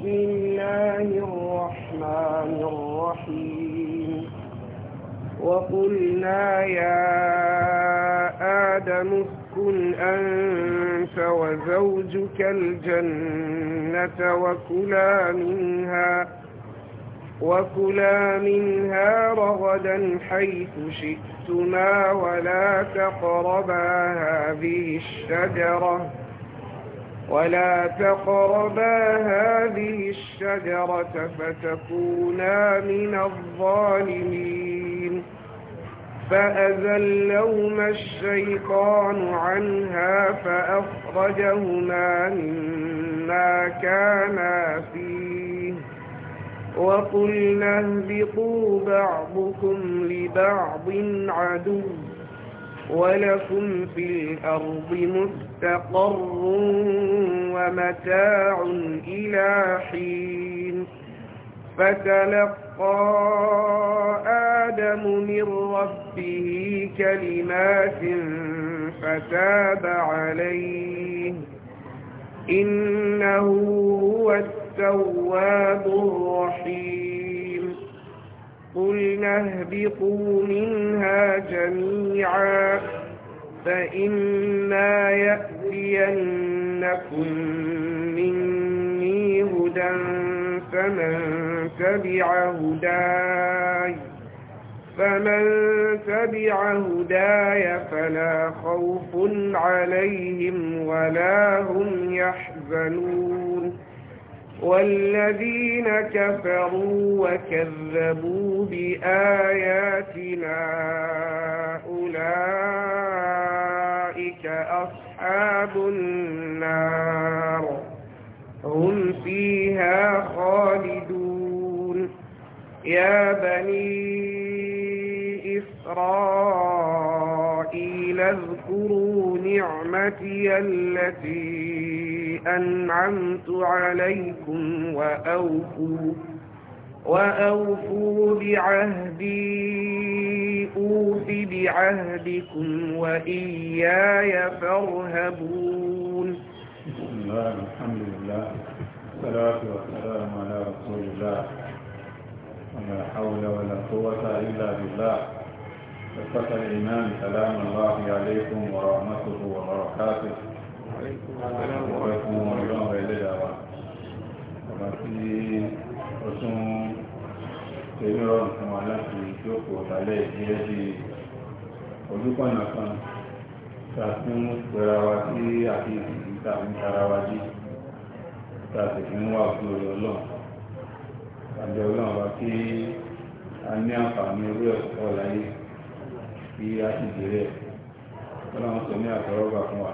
بسم الله الرحمن الرحيم وقلنا يا آدم اسكن أنت وزوجك الجنة وكلا منها وكلا منها رغدا حيث شئتما ولا تقربا هذه الشجرة ولا تقربا هذه الشجرة فتكونا من الظالمين فأذلهما الشيطان عنها فأخرجهما مما كانا فيه وقلنا اهبطوا بعضكم لبعض عدو ولكم في الأرض مستقر مستقر ومتاع إلى حين فتلقى آدم من ربه كلمات فتاب عليه إنه هو التواب الرحيم قلنا اهبطوا منها جميعا فإما يأتينكم مني هدى فمن تبع هداي فمن تبع هداي فلا خوف عليهم ولا هم يحزنون والذين كفروا وكذبوا بآياتنا أولئك أصحاب النار هم فيها خالدون يا بني إسرائيل اذكروا نعمتي التي أنعمت عليكم وأوفوا وأوفوا بعهدي أوف بعهدكم وإياي فارهبون بسم الله الحمد لله والصلاة والسلام على رسول الله ولا حول ولا قوة إلا بالله فقط الإيمان سلام الله عليكم ورحمته وبركاته وعليكم ورحمة الله وبركاته ṣe lọ́rọ̀ fún wa láti jókòó tàlẹ́ ìdíyẹ́ di ojúkọ̀nà kan ṣàfihàn pẹ̀ra wa sí àti ìdíta ń tara wa jí tàbí ń wà fún orí ọlọ́run tàbí ọlọ́run wa kí a ní àǹfààní orí ẹ̀kọ́ láyé kí a sì bẹ̀rẹ̀ ọlọ́run sọ ní àtọwọ́gbà fún wa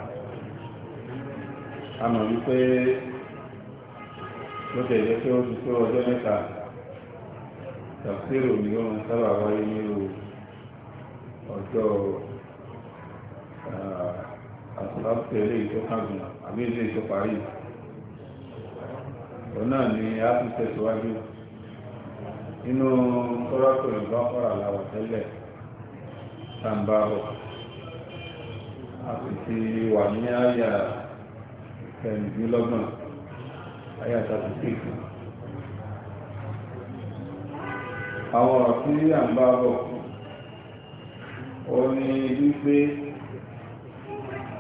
a mọ̀ wípé ó tẹ̀lé pé ó ti tó ọjọ́ mẹ́ta tàfsírò ni wọ́n máa sábà wáyé ní ọjọ́ àtàlátẹ̀lé ìtọ́kàgùn àbí ilé ìtọ́parí òun náà ni a tún tẹ̀síwájú inú tọ́rọ́tò ìgbà fọ́ra làwọ̀ tẹ́lẹ̀ tàǹbàrọ̀ a sì ti wà ní àyà kẹrìndínlọ́gbọ̀n àyà tàbí kéèkì àwọn ọ̀rọ̀ ń bá bọ̀ ó ní wípé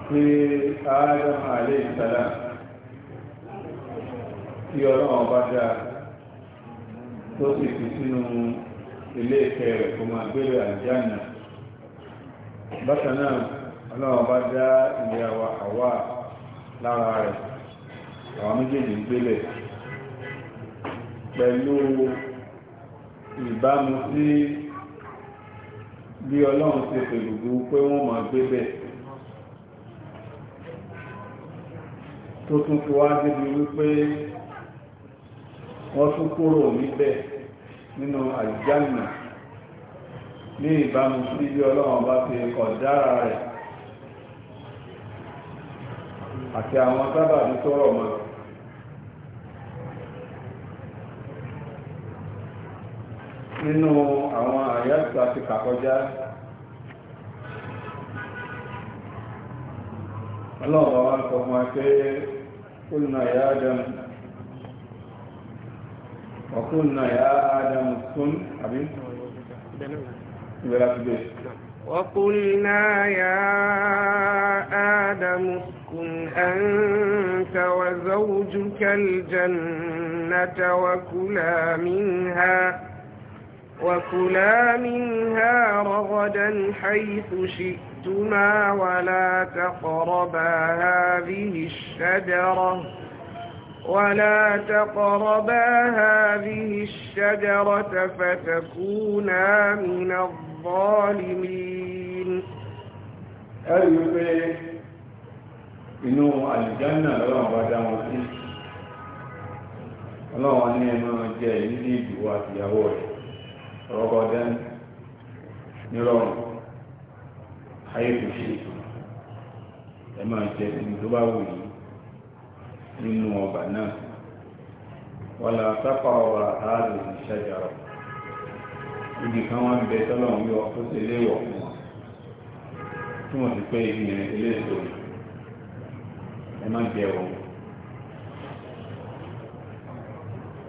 pé Adam alayhi salam tí ọlọ́run bá dáa tó sì fi sínú ilé ìfẹ́ rẹ̀ kó máa gbélé àlùjánnà bákan náà ọlọ́run bá dá ìyàwó àwa lára rẹ̀ àwọn méjèèjì ń gbélé pẹ̀lú ìbámu sí bí ọlọ́run ṣe pèlúgbú pé wọ́n máa gbé bẹ̀ tó tún fi wá débi wípé wọ́n tún kúrò níbẹ̀ nínú àlùjánnà ní ìbámu sí bí ọlọ́run bá fi kọ̀ dára rẹ̀ àti àwọn sábàbí tó rọ̀ mọ́ nínú àwọn àyàtọ̀ àti kàkọjá ọlọ́ọ̀bá wá sọ fún ẹgbẹ́ kúnnà ya adam ọkúnnà ya adam kún àbí ìgbẹ̀lá ti gbé وقلنا يا آدم اسكن أنت وزوجك الجنة وكلا منها وكلا منها رغدا حيث شئتما ولا تقربا هذه الشجرة ولا تقربا هذه الشجرة فتكونا من الظالمين أيوة إنه الجنة لا بدأ فيه ọlọ́wọ́n ní ẹnu jẹ́ ìdí ìdíwọ́ rọ́gọ́dán nírọ̀rùn ayé kò ṣe ẹ máa jẹ ní tó bá wù yìí nínú ọgbà náà wọ́n la sápá ibi kan wá bẹ tọ́lọ̀ yọ tó ṣe fún wọn tí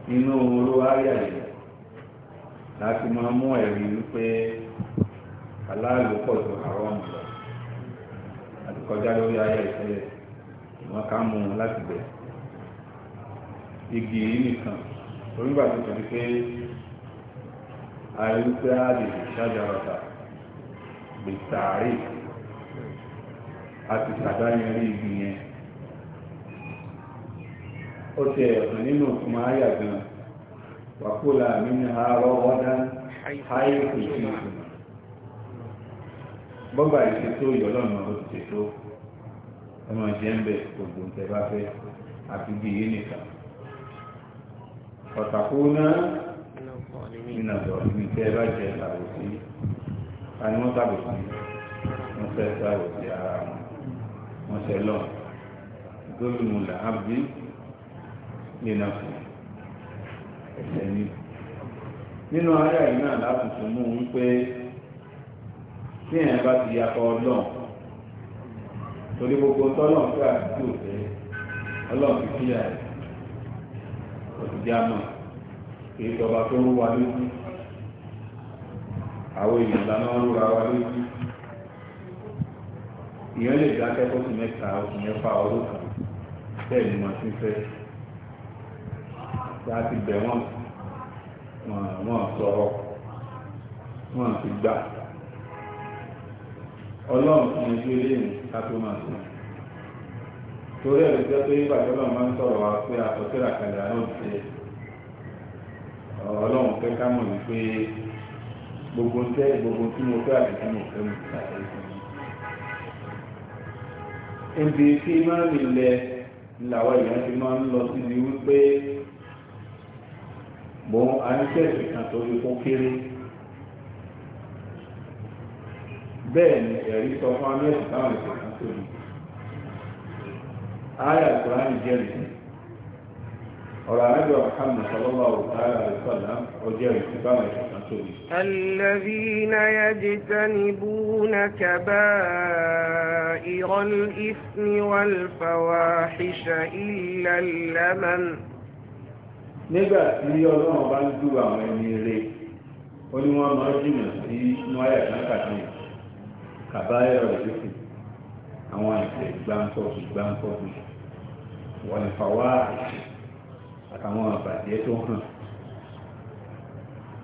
ti ẹ láti máa mú ẹ̀rí wípé aláàlú pọ̀ ju àrọ́ọ̀mù lọ àti kọjá lórí ayé ìtẹ́lẹ̀ wọn ká mú un láti bẹ̀. igi yìí nìkan onígbà tó tẹ̀lé pé àìwípé á lè ṣáájà ọ̀tà gbèsàárì àti ṣàdáyẹrí igi yẹn ó ti nínú وكلا منها رغدا حيث شئتما bọ́gbà ìṣètò ìyọ́lọ́nà ó ti ṣètò ọmọ jẹ́ńbẹ̀ gbogbo ń tẹ́bá fẹ́ àti bí iye nìkan ọ̀tàkó náà nínú ọ̀dọ̀ ní tẹ́bá jẹ́ àwòsí àníwọ́n tàbùkù wọ́n fẹ́ sàwòsí ara wọn wọ́n gómìnà àbí nínú ọ̀sán ẹ̀ṣẹ̀ ni nínú ayé yìí náà láti tún mú tí ẹ̀yìn bá ti yakọ ọlọ́run torí gbogbo tọ́lọ́run fẹ́ àti òfẹ́ ọlọ́run ti kíyà ẹ̀ òtítí kì í sọba tó rú wa lójú àwọn èèyàn lánàá rúra wa lójú ìyẹn lè mẹ́ta oṣù mẹ́fà ni mo ti fẹ́. tí a ti bẹ̀ wọ́n wọ́n sọ̀rọ̀ wọ́n ti gbà ọlọ́run fún ẹjọ́ ilé ìrìn ká tó máa sùn torí ẹ̀rọ jẹ́ pé ìbàjẹ́ ọlọ́run máa ń sọ̀rọ̀ wa pé àkọsílẹ̀ àkàlẹ̀ àná ti ọlọ́run fẹ́ ká mọ̀ ní pé gbogbo tẹ́ gbogbo tí mo fẹ́ àti tí mo fẹ́ mo ṣàlàyé fún mi. ibi tí máa ń lẹ làwọn èèyàn ti máa ń lọ síbi wípé bó a ń tẹ̀sí kan torí kó kéré bẹ́ẹ̀ ni ẹ̀rí sọ fún amẹ́sì táwọn ìṣẹ̀ kan tóbi ayà kùránì jẹ́rìí ọ̀rọ̀ àrẹ́bẹ̀ ọ̀hánà sọlọ́wọ́ òtàrà àìsọ̀lá ọjọ́ ìṣẹ̀bá ìṣẹ̀ kan tóbi. الذين يجتنبون كبائر الإثم والفواحش إلا اللمن nígbà tí ọlọ́run bá ń dú àwọn ẹni rẹ̀ ó ní wọ́n máa jìnà sí nuwaya kankàtì kàbáyọ̀ ìdíkù àwọn ìpè gbáǹtọ́sù gbáǹtọ́sù wọ́n ní fàwa àtàwọn àbàjẹ́ tó hàn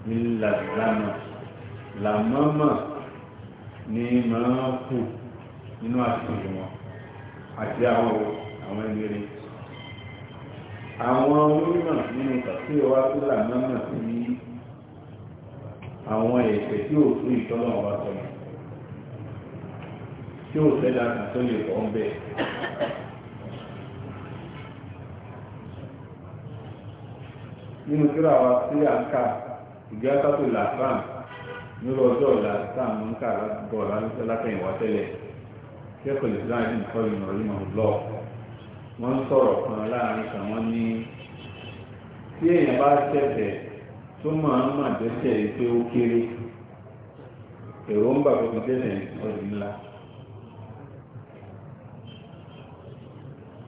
ní làbìlànà làmọ́mà ní máa kù nínú àtìlẹ́yìn wọn àti àwọn ẹni rẹ̀. àwọn onímọ̀ nínú tàbí ọwá tó là mọ́nà sí àwọn ẹ̀ṣẹ̀ tí ò fún ìtọ́nà ọba sọ̀rọ̀ tí ò sẹ́dá kan tó lè ń nínú kíra wa sí àǹkà ìgbésàtò làfáàn ní ọjọ́ ọ̀la ń kà bọ̀ tẹ́lẹ̀ kẹ́kọ̀ọ́ lè wọ́n ń sọ̀rọ̀ kan láàrin kan wọ́n ní tí èèyàn bá ṣẹ̀ṣẹ̀ tó máa ń mà dẹ́ṣẹ̀ yìí pé ó kéré èròǹgbà tó fi dẹ́ṣẹ̀ ọ̀dì ńlá.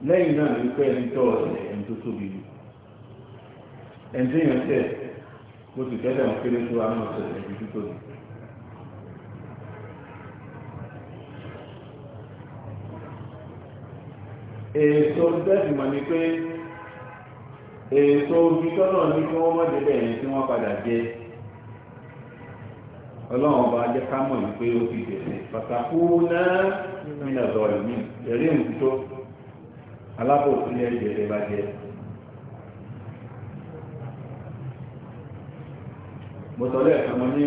lẹ́yìn náà ní pé ẹni tọ́ ọ̀sẹ̀ ẹni tó tóbi ni ẹni tí èèyàn tẹ̀ bó ti tẹ́lẹ̀ wọn kéré tó àwọn ọ̀sẹ̀ ẹni tó tóbi. èso bẹ́ẹ̀sì mọ̀ ni pé èso omi tọ́nà ní kí wọ́n mọ̀dé bẹ́ẹ̀ tí wọ́n padà jẹ ọlọ́run ọba jẹ́ ká mọ̀ yìí pé ó fi pàtàkù náà nínú ọ̀dọ́ ìmí ẹ̀rí ẹ̀jẹ̀ rẹ̀ bá mo sọ lẹ́ẹ̀kan mo ní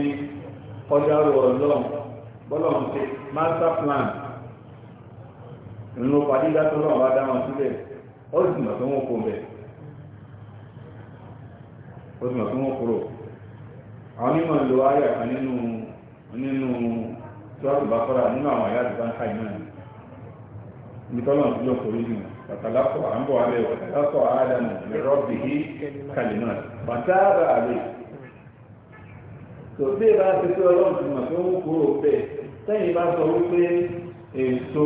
ọjà ọlọ́run bọ́lọ́run ṣe master plan nínú fàdídá tó lọ́wọ́ bá sílẹ̀ ó sì mọ̀ tó wọ́n kó bẹ̀ ó sì mọ̀ tó wọ́n kúrò àwọn onímọ̀ ìlú ayé kan nínú nínú nínú àwọn na àti báńkà yìí náà ní tọ́lọ̀ tó lọ sórí jù pàtàlákọ̀ à ń bọ̀ alẹ́ pàtàlákọ̀ àádánù lẹ́rọ̀ bìí kalẹ̀ náà pàtàlá bá ti ọlọ́run ti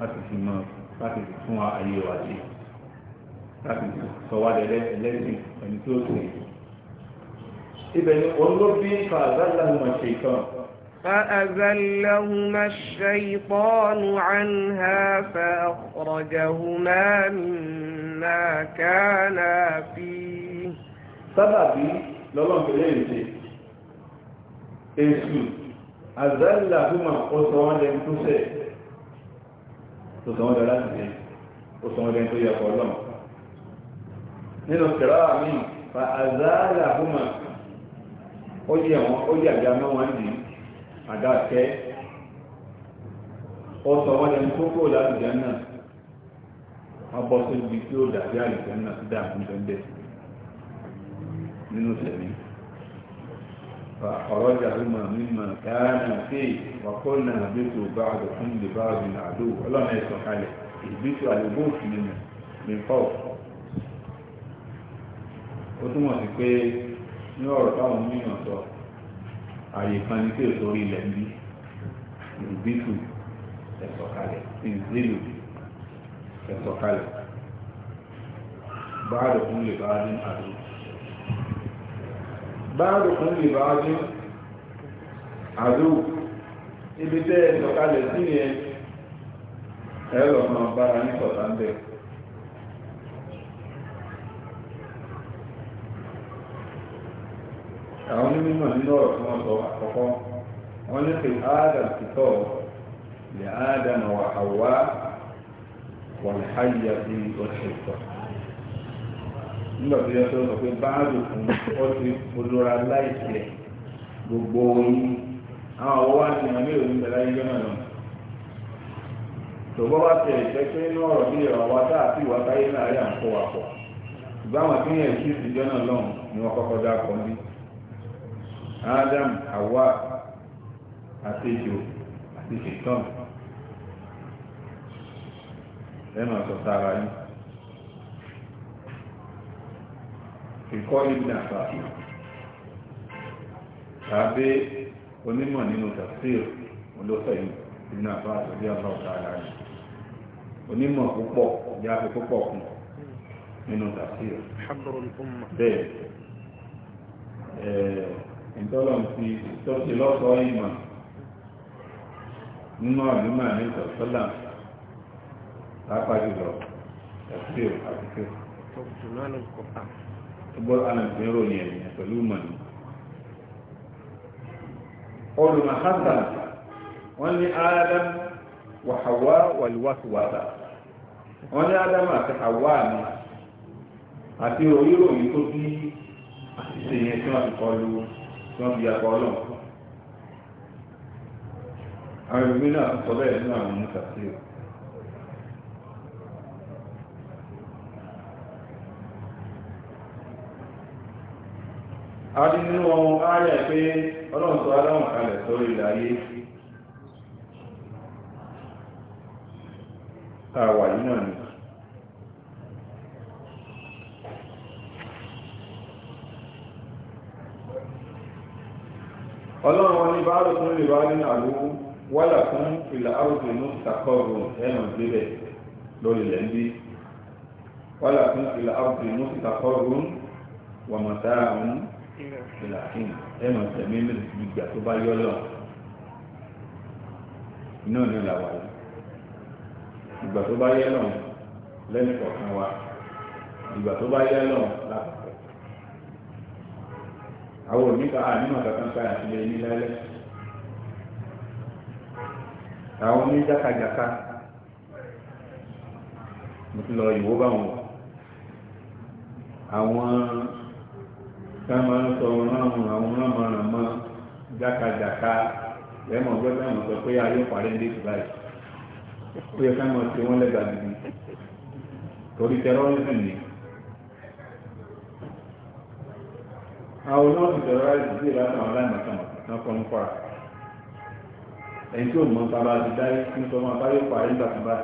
láti fi mọ láti fi tún ayé wa ṣe láti sọ wá dẹ̀lẹ́ ẹlẹ́sìn ẹni tí ó sì ibẹ̀ ni òun ló bí ṣe kan. فأزلهما الشيطان عنها فأخرجهما مما كانا فيه sábàbí lọ́lọ́n pẹ̀lẹ́ ìṣe èṣù àzálàhùmà ọ̀sọ̀ wọn tó sọ wọ́n dọ̀ láti dé ó sọ wọ́n dẹ́n tó yẹ ọkọ̀ ọlọ́run nínú kẹrọ àmì fa àzáàlà húmà ó yẹ wọn ó yẹ àgbà mọ́ wọn dì àga kẹ́ ó sọ wọ́n dẹ́n tó kó láti dẹ́ náà wọ́n bọ́ sí ibi tí ó dàbí àlùfẹ́ náà sí dàbí bẹ́ẹ̀ nínú sẹ́mi. فخرج هما مما كان فيه وقلنا اهبطوا بعضكم لبعض عدو الله ما يسمح عليه اهبطوا على البوت من من فوق ó túmọ̀ sí pé ní ọ̀rọ̀ táwọn mímọ̀ sọ àyè kan ní pé sórí ilẹ̀ ń bí ìbítù ẹ̀sọ̀kalẹ̀ ìzílù ẹ̀sọ̀kalẹ̀ báàdùn fún lè bá dín àdúgbò báàrù fún ìbáájú àdó ibi tẹ́ ìsọ̀kalẹ̀ sí yẹn ẹ̀rọ máa bára ní sọ̀tà ń bẹ̀. àwọn onímọ̀ nínú ọ̀rọ̀ tí wọ́n sọ àkọ́kọ́ wọ́n ní pé adam ti tọ́ lè adam wà hàwá wọ̀lẹ̀ háyà sí ọ̀ṣẹ̀tọ̀ nígbà tó yẹ kó sọ pé báàlù fún ọ ti olóra láìsẹ̀ gbogbo oyin àwọn ọwọ́ àti ìrànlẹ́ òní bẹ̀rẹ̀ ayé náà lọ. tòbọ́ wá tẹ̀ ẹ̀jẹ̀ pé inú ọ̀rọ̀ bí ìrọ̀ wa tá àti ìwà táyé láàárín à ń kó wa pọ̀ ṣùgbọ́n àwọn tí yẹn kí ìsìnjọ́ náà lọ́hùn ni wọ́n kọ́kọ́ dá kọ́ bí. Adam Hawa àti àti ìṣètọ́n ẹ̀ máa sọ yìí. ìkọ́lé ìdàfà tàbí onímọ̀ nínú tafsir olófẹ́yìn ìdínà bá àtọ́jú àbá ọ̀tá ara rẹ̀ onímọ̀ púpọ̀ ìyá fi púpọ̀ kù nínú tafsir bẹ́ẹ̀ ìtọ́lọ̀ ti tọ́sí lọ́sọ̀ ìmọ̀ nínú àdúmọ̀ ní ìtọ̀sọ́là pápá jùlọ tafsir àti fẹ́ gbọ́ alàǹfẹ́rò ní ẹ̀yìn pẹ̀lú mọ̀ní olùmọ̀ hassan wọ́n ní adam wà hawa wàlúwàsíwàsá wọ́n ní adam àti hawa ni àti oríròyìn tó bí àṣìṣe yẹn tí wọ́n fi kọlu tí wọ́n fi yàgbọ́ ọlọ́run àwọn ìlú náà sọ bẹ́ẹ̀ nínú àwọn mú kàṣíyà àti nínú ọmọ ayẹ̀ pé ọlọ́run sọ aláwọ̀n kalẹ̀ sórí ìlàyé tàwà yìí náà ni ọlọ́run wọn ní bá lókun lè wá nínú àlúwú wọ́là fún ìlà áwùjọ inú ìtàkọ́rù ẹ̀nà ìgbélẹ̀ lórí ilẹ̀ ń bí wọ́là fún ìlà áwùjọ inú ìtàkọ́rù wọ̀mọ̀tá àwọn ìlàkín ẹ máa tẹ̀mí lè fi gbà tó bá yọ lọ iná ní làwà yìí ìgbà tó bá yẹ lọ lẹ́nu kọ̀ọ̀kan wa ìgbà tó bá yẹ lọ lápapọ̀ àwọn oníkà ànímọ̀ kankan ká àtìlẹ̀ ní lẹ́lẹ́ àwọn oníjàkàjàkà mo ti lọ ìwó báwọn àwọn. ká máa ń sọ ráhùn àwọn rámàràmá jákàjàká lẹ́mọ̀ gbọ́dọ̀ àwọn sọ pé ayé parí ní ìtura yìí ó yẹ gidi torí ni àwọn àwọn náà kọ́ ń ẹni tí ti ń sọ bá yóò parí tó bá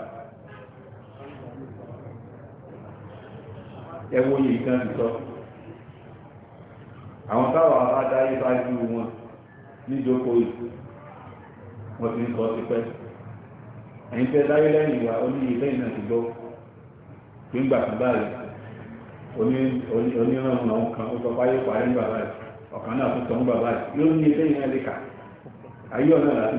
ẹ yìí kan àwọn táwọn aládáyé bá jú wọn níjókò ìlú wọ́n ti ń sọ ti pẹ́ ẹ̀yìn tẹ́ dáyé lẹ́yìn ìwà oní ilé ìnà ìgbọ́ kan ó sọ fáyé parí bàbá ayi ọ̀kan náà tún sọ ń bàbá yóò ní ilé ìnà ayé ọ̀nà láti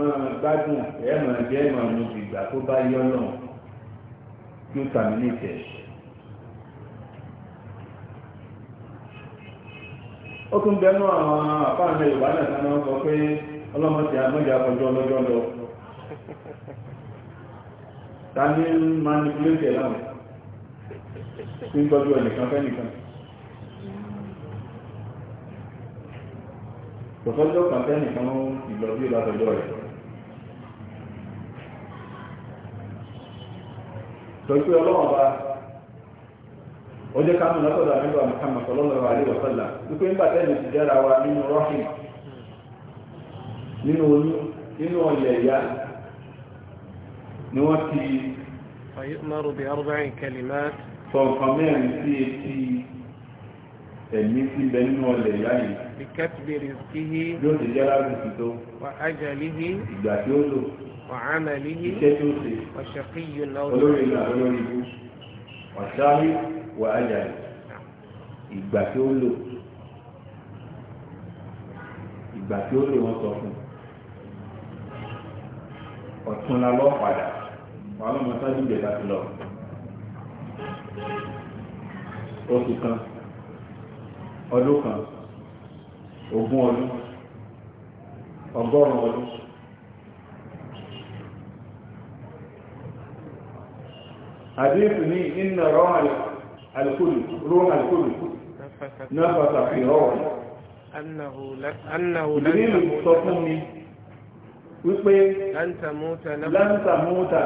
máa gbádùn ẹ̀mọ̀ jẹ́ ìgbà tó bá náà ó tún bẹnu àwọn àpáàmì yorùbá náà tí wọ́n sọ pé ọlọ́mọ ti àmọ́jà ọjọ́ lọ́jọ́ lọ ta ní manipulate ẹ̀ láwọn tí ń tọ́jú ẹnìkan fẹ́nìkan tọ́tọ́jọ́ kan fẹ́nìkan ìlọ́bí látọjọ́ rẹ̀ tọ́jú ọlọ́wọ́ bá ó jẹ́ ká mọ̀ lọ́sọ̀dọ̀ àmì wa Muhammad sallallahu alaihi wa sallam wípé ń bàtẹ́ ìlú ti dára wa nínú rọ́hìn nínú oyún nínú ọ̀yẹ̀ ìyá ni wọ́n ti فيؤمر بأربع كلمات فوقمين في في المثل بين والليالي بكتب رزقه وأجله وعمله وشقي أو وشاهد wà ájà ìgbà tí ó lò ìgbà tí ó lò wọ́n sọ fún ọ̀tún la lọ padà wà á lọ́mọ sáájú ìjẹta ti lọ oṣù kan ọdún kan ogún ọdún ọdún. حديث إن القدس روح القدس نفث في روحي أنه لن أنه لن تموت wípé láńtàmúta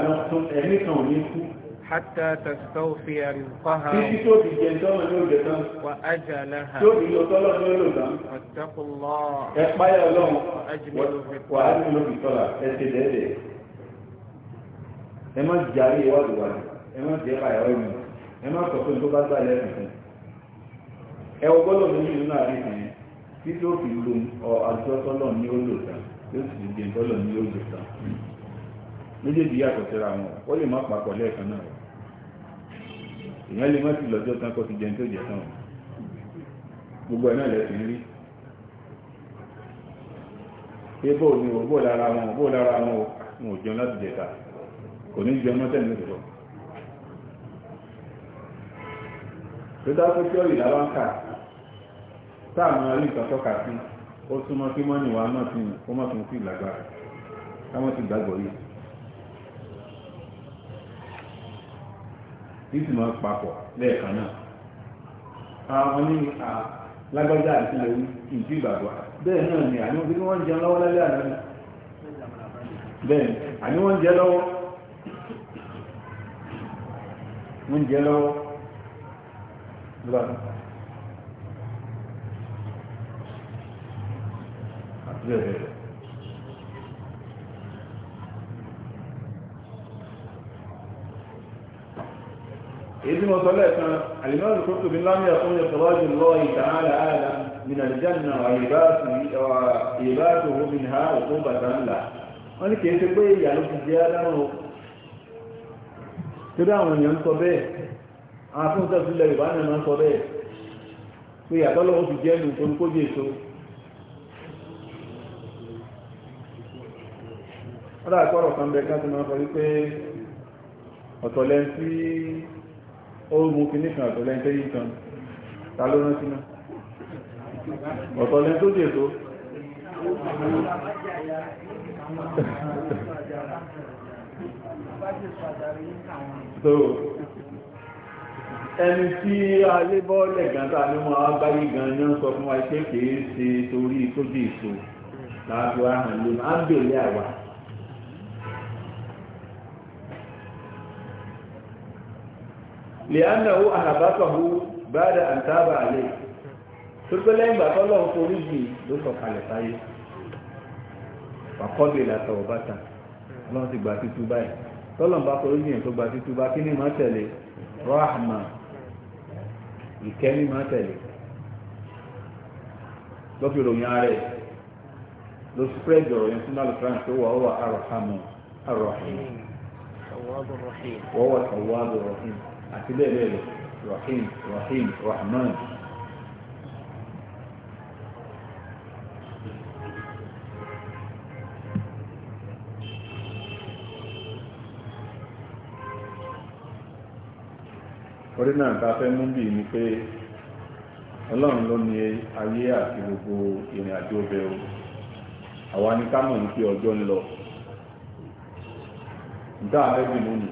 lọ́tún ẹ̀mí kan ní kú hátà tàstọ́fì àríkọ́ha títí tó fi jẹ tọ́mọ̀ ní òjò tán wà ájà láha tó fi lọ tọ́lọ̀ ní òjò tán ọ̀tẹ́kùnlọ́ ẹ̀páyà ọlọ́run wà ájúmọ̀lò fìtọ́lá ẹ̀ṣẹ̀ dẹ́ẹ̀dẹ̀ ẹ má jàrí ìwádìí wádìí ẹ má jẹ́ pàyà ọ̀rùn ẹ má sọ pé tó bá gbà lẹ́sìn ẹ o ní ìlú náà rí sìn tí tó fi lo àjọsọ́lọ̀ ní ó lò tán tó sì fi gbìn tọ́lọ̀ ní ó lò tán méjèèjì yàtọ̀ síra wọn ó lè má papọ̀ lẹ́ẹ̀kan náà èèyàn lè má ti lọ́jọ́ tán kó ti jẹun tó jẹ tán gbogbo ẹ̀ náà lẹ́sìn rí pé bóò ni o bóò lára wọn o bóò lára wọn o wọn ò jẹun láti jẹta kò ní jẹun mọ́tẹ́ni lọ́sọ̀rọ̀ tó dákó tí ọ̀rì làwọn ń kà táà máa rí nǹkan tọ́ka sí ó súnmọ́ kí mọ́nì wa náà ti kó má tún sí ìlágbára káwọn ti gbàgbọ́ yìí. títí máa papọ̀ lẹ́ẹ̀kan náà àwọn ní lágbájá àti lẹ́wí ìdí ìgbàgbọ́ bẹ́ẹ̀ náà ni àní wọ́n jẹun lọ́wọ́ lálẹ́ àná bẹ́ẹ̀ àní jẹ lọ́wọ́ lọ́nà àti bẹ́ẹ̀ bẹ́ẹ̀ lọ. إذن وثلاثة الإمام القرطبي لم يقول إخراج الله تعالى آدم من الجنة وإباته منها عقوبة له wọ́n ní kìí ṣe pé ìyà ló fi jẹ́ àwọn tó ń tẹ̀sí ilẹ̀ yorùbá náà máa ń sọ bẹ́ẹ̀ pé ìyàtọ̀ lọ́wọ́ fi jẹ́ ẹnu torí kó jẹ́ èso ọ̀dà àkọ́rọ̀ kan bẹ káàkiri máa ń sọ wípé ọ̀tọ̀lẹ́ tí ó mú kinní kan ọ̀tọ̀lẹ́ tẹ́yìn kan ta ló rántí náà ẹni tí ayé bọ́ọ̀lẹ̀ gàdá ni wọ́n á báyé gan ni sọ fún wa pé kì torí sójú ìṣó láti wá hàn lónìí á ń bèèrè àwa. lèánàwó àhàbákàwó báàdà àǹtàbà àlẹ́ tó lẹ́yìn tọ́lọ́run forí jì ló sọ kalẹ̀ sáyé wàkọ́bì làtọ̀ ọ̀bátà ti gbà títú báyìí rahma ìkẹ́ni máa tẹ̀lé ló fi ròyìn ara ẹ̀ ló spread ọ̀rọ̀ yẹn sínú alùpùpù pé wà ó wà arọ̀hámù arọ̀hìn wọ́wọ́ tọ̀wọ́ àbọ̀ rọ̀hìn àti bẹ́ẹ̀ bẹ́ẹ̀ lọ rọ̀hìn rọ̀hìn rahman torí náà ta fẹ́ mú bí ni pé ọlọ́run ló ní ayé àti gbogbo ìrìn àjò ọbẹ̀ o àwa ni ká mọ̀ ní pé ọjọ́ ń lọ níta àfẹ́bì lónìí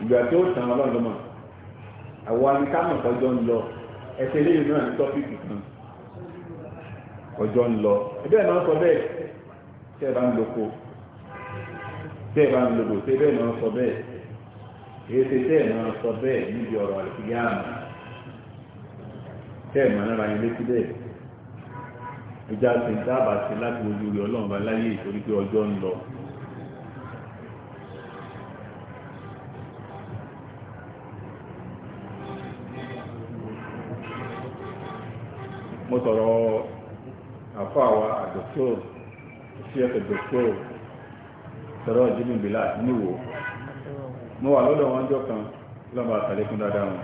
ìgbà tí ó tàn ọlọ́run ló mọ̀ àwa ni ká mọ̀ ọjọ́ ń lọ ẹsẹ̀ lẹ́yìn náà ní tọ́pìkì kan ọjọ́ ń lọ ẹgbẹ́ náà sọ bẹ́ẹ̀ tẹ́ ẹ bá ń loko tẹ́ ẹ bá ń loko tẹ́ ẹ náà sọ bẹ́ẹ̀ èsì tẹ́ ẹ̀ máa sọ bẹ́ẹ̀ níbi ọ̀rọ̀ àlùkìyàmù tẹ́ ẹ̀ máa nára yín létí bẹ́ẹ̀ ìjà sì ń dábàá sí láti ojú rẹ̀ ọlọ́run bá láyé ìtorí pé ọjọ́ ń lọ. mo sọ̀rọ̀ àfọ àwa àdòkó sí sọ̀rọ̀ jimmy bilal níwò. mo wà lọ́dọ̀ wọn jọ kan lọ́ba àtàlékún dáadáa wọn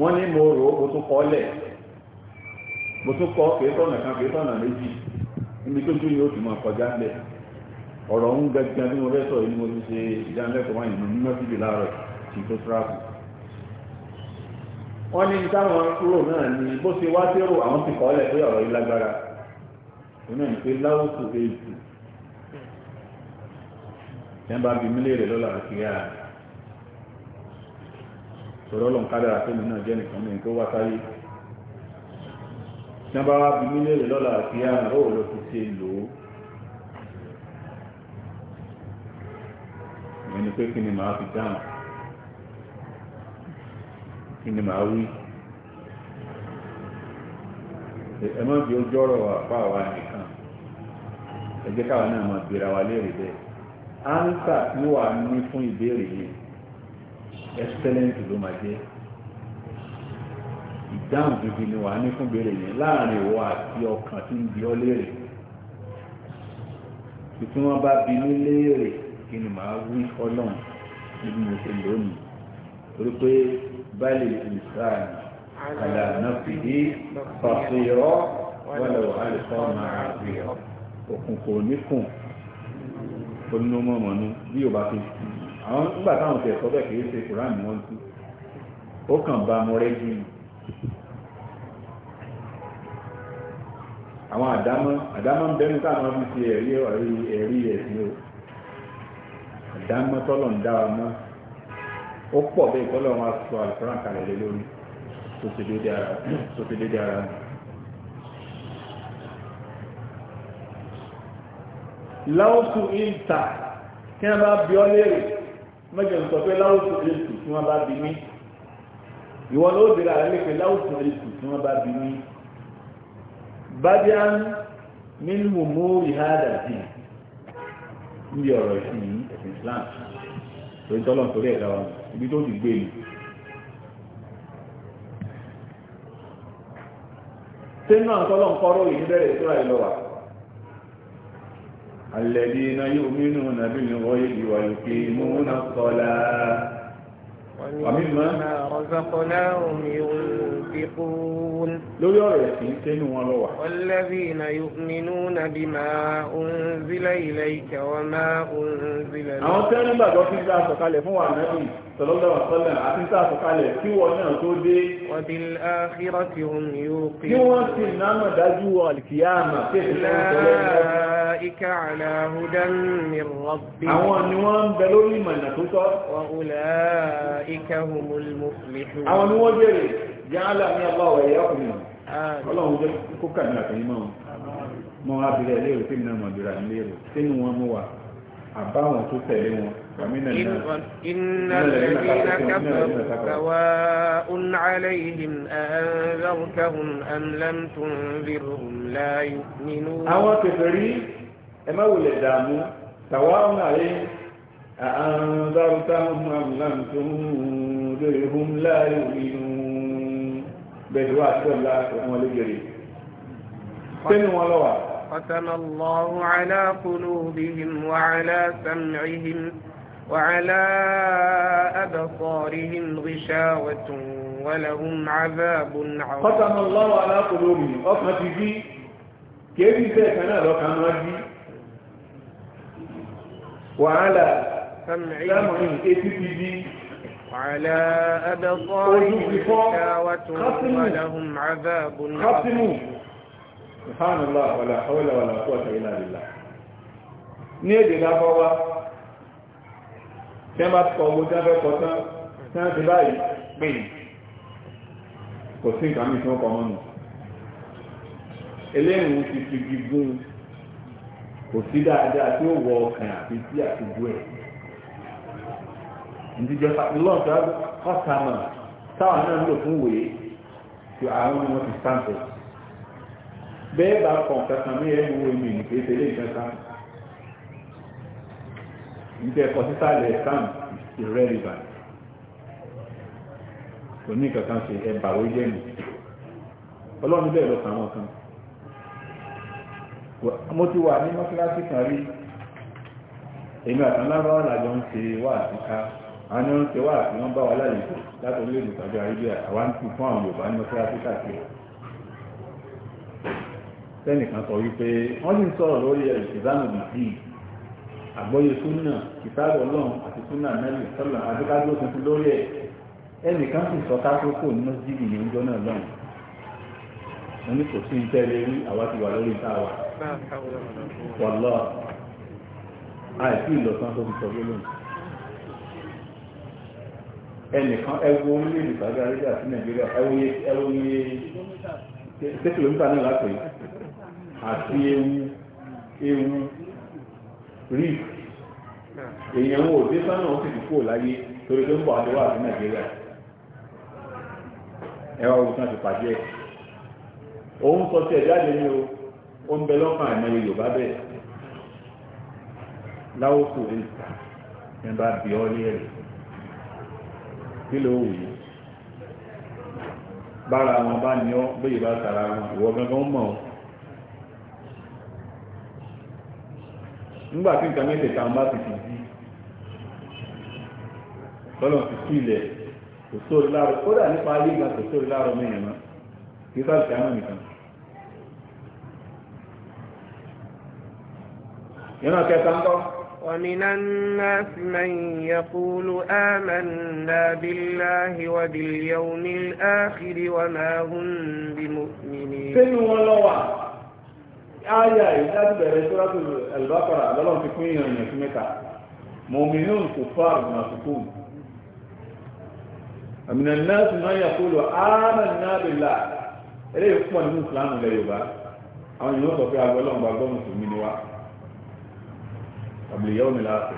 wọ́n ní mo rò ó tún kọ́ lẹ̀ mo tún kọ́ kéétọ̀nà kan kéétọ̀nà méjì níbi tó tún yóò fi máa kọjá lẹ̀ ọ̀rọ̀ ń gẹ́gẹ́ bí mo fẹ́ sọ mo ti ṣe ìdánilẹ́kọ̀ọ́ wáyé mo ní láàárọ̀ n tó tíráàpù wọ́n ní táwọn kúrò náà ní bó ṣe wá sí rò àwọn ti kọ́ lẹ̀ pé ọ̀rọ̀ yìí lágbára yẹn bá bí mílíọ̀nù lọ́la àti ìyá rẹ̀ sọ̀rọ̀ lọ́n kádàrà tó nínú jẹ́ nìkan ní tó wá sáyé tí wọ́n bá wá bí mílíọ̀nù lọ́la àti ìyá rẹ̀ ó lọ fi ṣe lò ó ìyẹn ni pé kí eh, ni màá fi dáhùn kí ni màá wí ẹ bí ojú ọ̀rọ̀ àpá wa nìkan ẹ jẹ́ náà máa gbéra wa léèrè bẹ́ẹ̀ ánsà tí ó wà ní fún ìbéèrè yìí excellent ló máa jẹ́ ìdáhùn gidi ni wà ní fún ìbéèrè yìí láàrin ìwọ àti ọkàn tí ń bi ọ́ léèrè tuntun wọn bá bi mí léèrè kí ni màá wí ọlọ́run níbi mo ṣe lónìí torí pé báyìí ìsàn àlà nàfìdí fàṣeyọ wàlẹ̀ wàhálẹ̀ fọ́ọ̀mù àgbẹ̀ òkùnkùn oníkùn onínú mọ̀mọ́nú bí yóò bá fi àwọn nígbà táwọn tẹ̀ sọ bẹ́ẹ̀ kì ṣe koran ni wọ́n tú ó kàn bá mọ rẹ́gí ni àwọn àdámọ́ àdámọ́ ń bẹ́nu táwọn fi ṣe ẹ̀rí ẹ̀rí ẹ̀sìn o àdámọ́ tọ́lọ̀ ń dá wa mọ́ ó pọ̀ bẹ́ẹ̀ tọ́lọ̀ wọn sọ àlùkò ránkà lórí tó ṣe déédéé ara láwùsù ìta kí wọ́n bá bí ọ léèrè mẹ́jọ sọ pé láwùsù ìtù tí wọ́n bá bí mí ìwọ ló dèrè àrẹ lè pé láwùsù ìtù tí wọ́n bá bí mí badian nínú mú ìhádà sí ní ọ̀rọ̀ ìsìn ẹ̀sìn Islam torí tọ́lọ̀ torí ẹ̀dá wa ibi tó ti gbé mi sínú àtọ́lọ̀ yìí bẹ̀rẹ̀ ìtura ìlọ́wà الذين يؤمنون بالغيب ويقيمون الصلاة ومما رزقناهم ينفقون والذين يؤمنون بما أنزل إليك وما أنزل إليك àwọn tẹ́rẹ́ nígbà tó fi ń dáa sọ̀kalẹ̀ fún wa nẹ́bí sọlọ́dọ̀ ọ̀sọ́lẹ̀ àti ń dáa sọ̀kalẹ̀ kí wọ́n náà tó dé وبالآخرة هم يوقنون kí wọ́n sì náà dájú ọ̀lùkìyàmà tẹ́ẹ̀sì أولئك على هدى من ربهم àwọn ni wọ́n ń bẹ lórí ìmọ̀nà tó tọ́ جعلني الله وإياكم ọlọ́run jẹ́ kó kà ní àtẹ̀yìn mọ́ mọ́ abìrẹ̀ léèrè tí náà mọ̀ bìrà léèrè sínú wọn mú wa àbáwọn tó tẹ̀lé wọn إن الذين كفروا سواء عليهم لا يؤمنون ẹ má wulẹ̀ dààmú tàwọn àlẹ́ àǹdárútàhùn àmúlàǹtún lórí hùm láàrin òyìnbó bẹ́ẹ̀ wá sí ọ̀la ọmọ lẹ́gẹ̀rẹ́ sẹ́nu wọn lọ́wọ́. ختم الله على قلوبهم وعلى سمعهم وعلى أبصارهم غشاوة ولهم عذاب عظيم ختم الله على قلوبهم أصلا في كيف يسأل كان لو كان رجي wàhálà sámùí etí ti di wàhálà abẹ́kọ́rin ìdáwàtún wàláhùn àbábùn kásímù ìhánàlá wàlá àwọlà wàlá kó ọ̀tà ilá ìlà ní èdè lábọ́wá tí wọ́n bá kọ ogun tí wọ́n fẹ́ kọ tán tí wọ́n ti báyìí pè kò sí nǹkan mìíràn kọ mọ́nu eléyìí ti fi gígùn kò sí dáadáa tí ó wọ ọkàn àti tí àtijọ́ ẹ̀ ìdíjọ lọ́ọ̀tà ọ̀sàmà táwọn náà lò fún wèé tí àwọn ni wọ́n ti sáǹtẹ̀ bẹ́ẹ̀ bá kàn kankan ní ẹ̀ wo èmi nìké tẹ́lẹ̀ kankan níta ẹ̀kọ́ sísàlẹ̀ sam irrelevant kò ní kankan ṣe ẹ̀bà ó yẹ̀ mí ọlọ́run bẹ́ẹ̀ lọ sàwọn kan. mo ti wà ní mọ́sálásí kan rí èmi àtàlábáwà làjọ ń ṣe wà a ní ṣe wà àti wọ́n bá wà lálejò láti orílẹ̀-èdè tàbí àríbíà àwa ń fún àwọn Yorùbá ní káàkiri sọ wípé wọ́n sì sọ̀rọ̀ lórí ìṣèdánù bìbí àgbọ́yé súnà ìtàgọ̀ ọlọ́run àti súnà mẹ́lì tuntun lórí ẹ̀ ẹnìkan sì sọ ní náà lọ́run wàlọ́ àìsí ìlọ̀sán tó fi sọ gbólóhùn ẹnìkan ẹwọ orílẹ̀-èdè sàgbà àríjà sí nàìjíríà ẹwọ́ye ṣé kìlómítà náà lápẹ̀ àti ewu ewu rí èèyàn wo dé sánà ó sì ti kúrò láyé torí tó ń bọ̀ àdéhùn àti nàìjíríà ẹwà ogun ti pàdé ẹ̀ òun sọ sí ó ń bẹ lọ́kàn àìmọye yorùbá bẹ́ẹ̀ láwùkù ìta ní bá bí ọ ní ẹ̀rì kí ló wù yí bára wọn bá ní ọ bóyá bá tara wọn ìwọ gangan mọ̀ ọ́ nígbà tí nǹkan mẹ́tẹ̀ẹ̀ta wọn bá ti fi di tọ́lọ̀ ti kí ilẹ̀ kò sóri láàrọ̀ kódà nípa ayé ìgbà kò sóri láàrọ̀ mẹ́rin náà kí sáà kí á nìkan. ìran kẹta ń kọ́. ومن الناس من يقول آمنا بالله وباليوم الآخر وما هم بمؤمنين سنو ولوا آية إذا بẹ̀rẹ̀ سورة البقرة لọ́lọ́n ti pín ìrìn ẹ̀kú mẹ́ta مؤمنون كفار منافقون ومن الناس من يقول آمنا بالله eléyìí pọ̀ nínú ìsìlámù lẹ́yìn bá àwọn èèyàn sọ pé agbọ́lọ́mùbá gbọ́mùsùn mi ni wá قبل يوم الآخر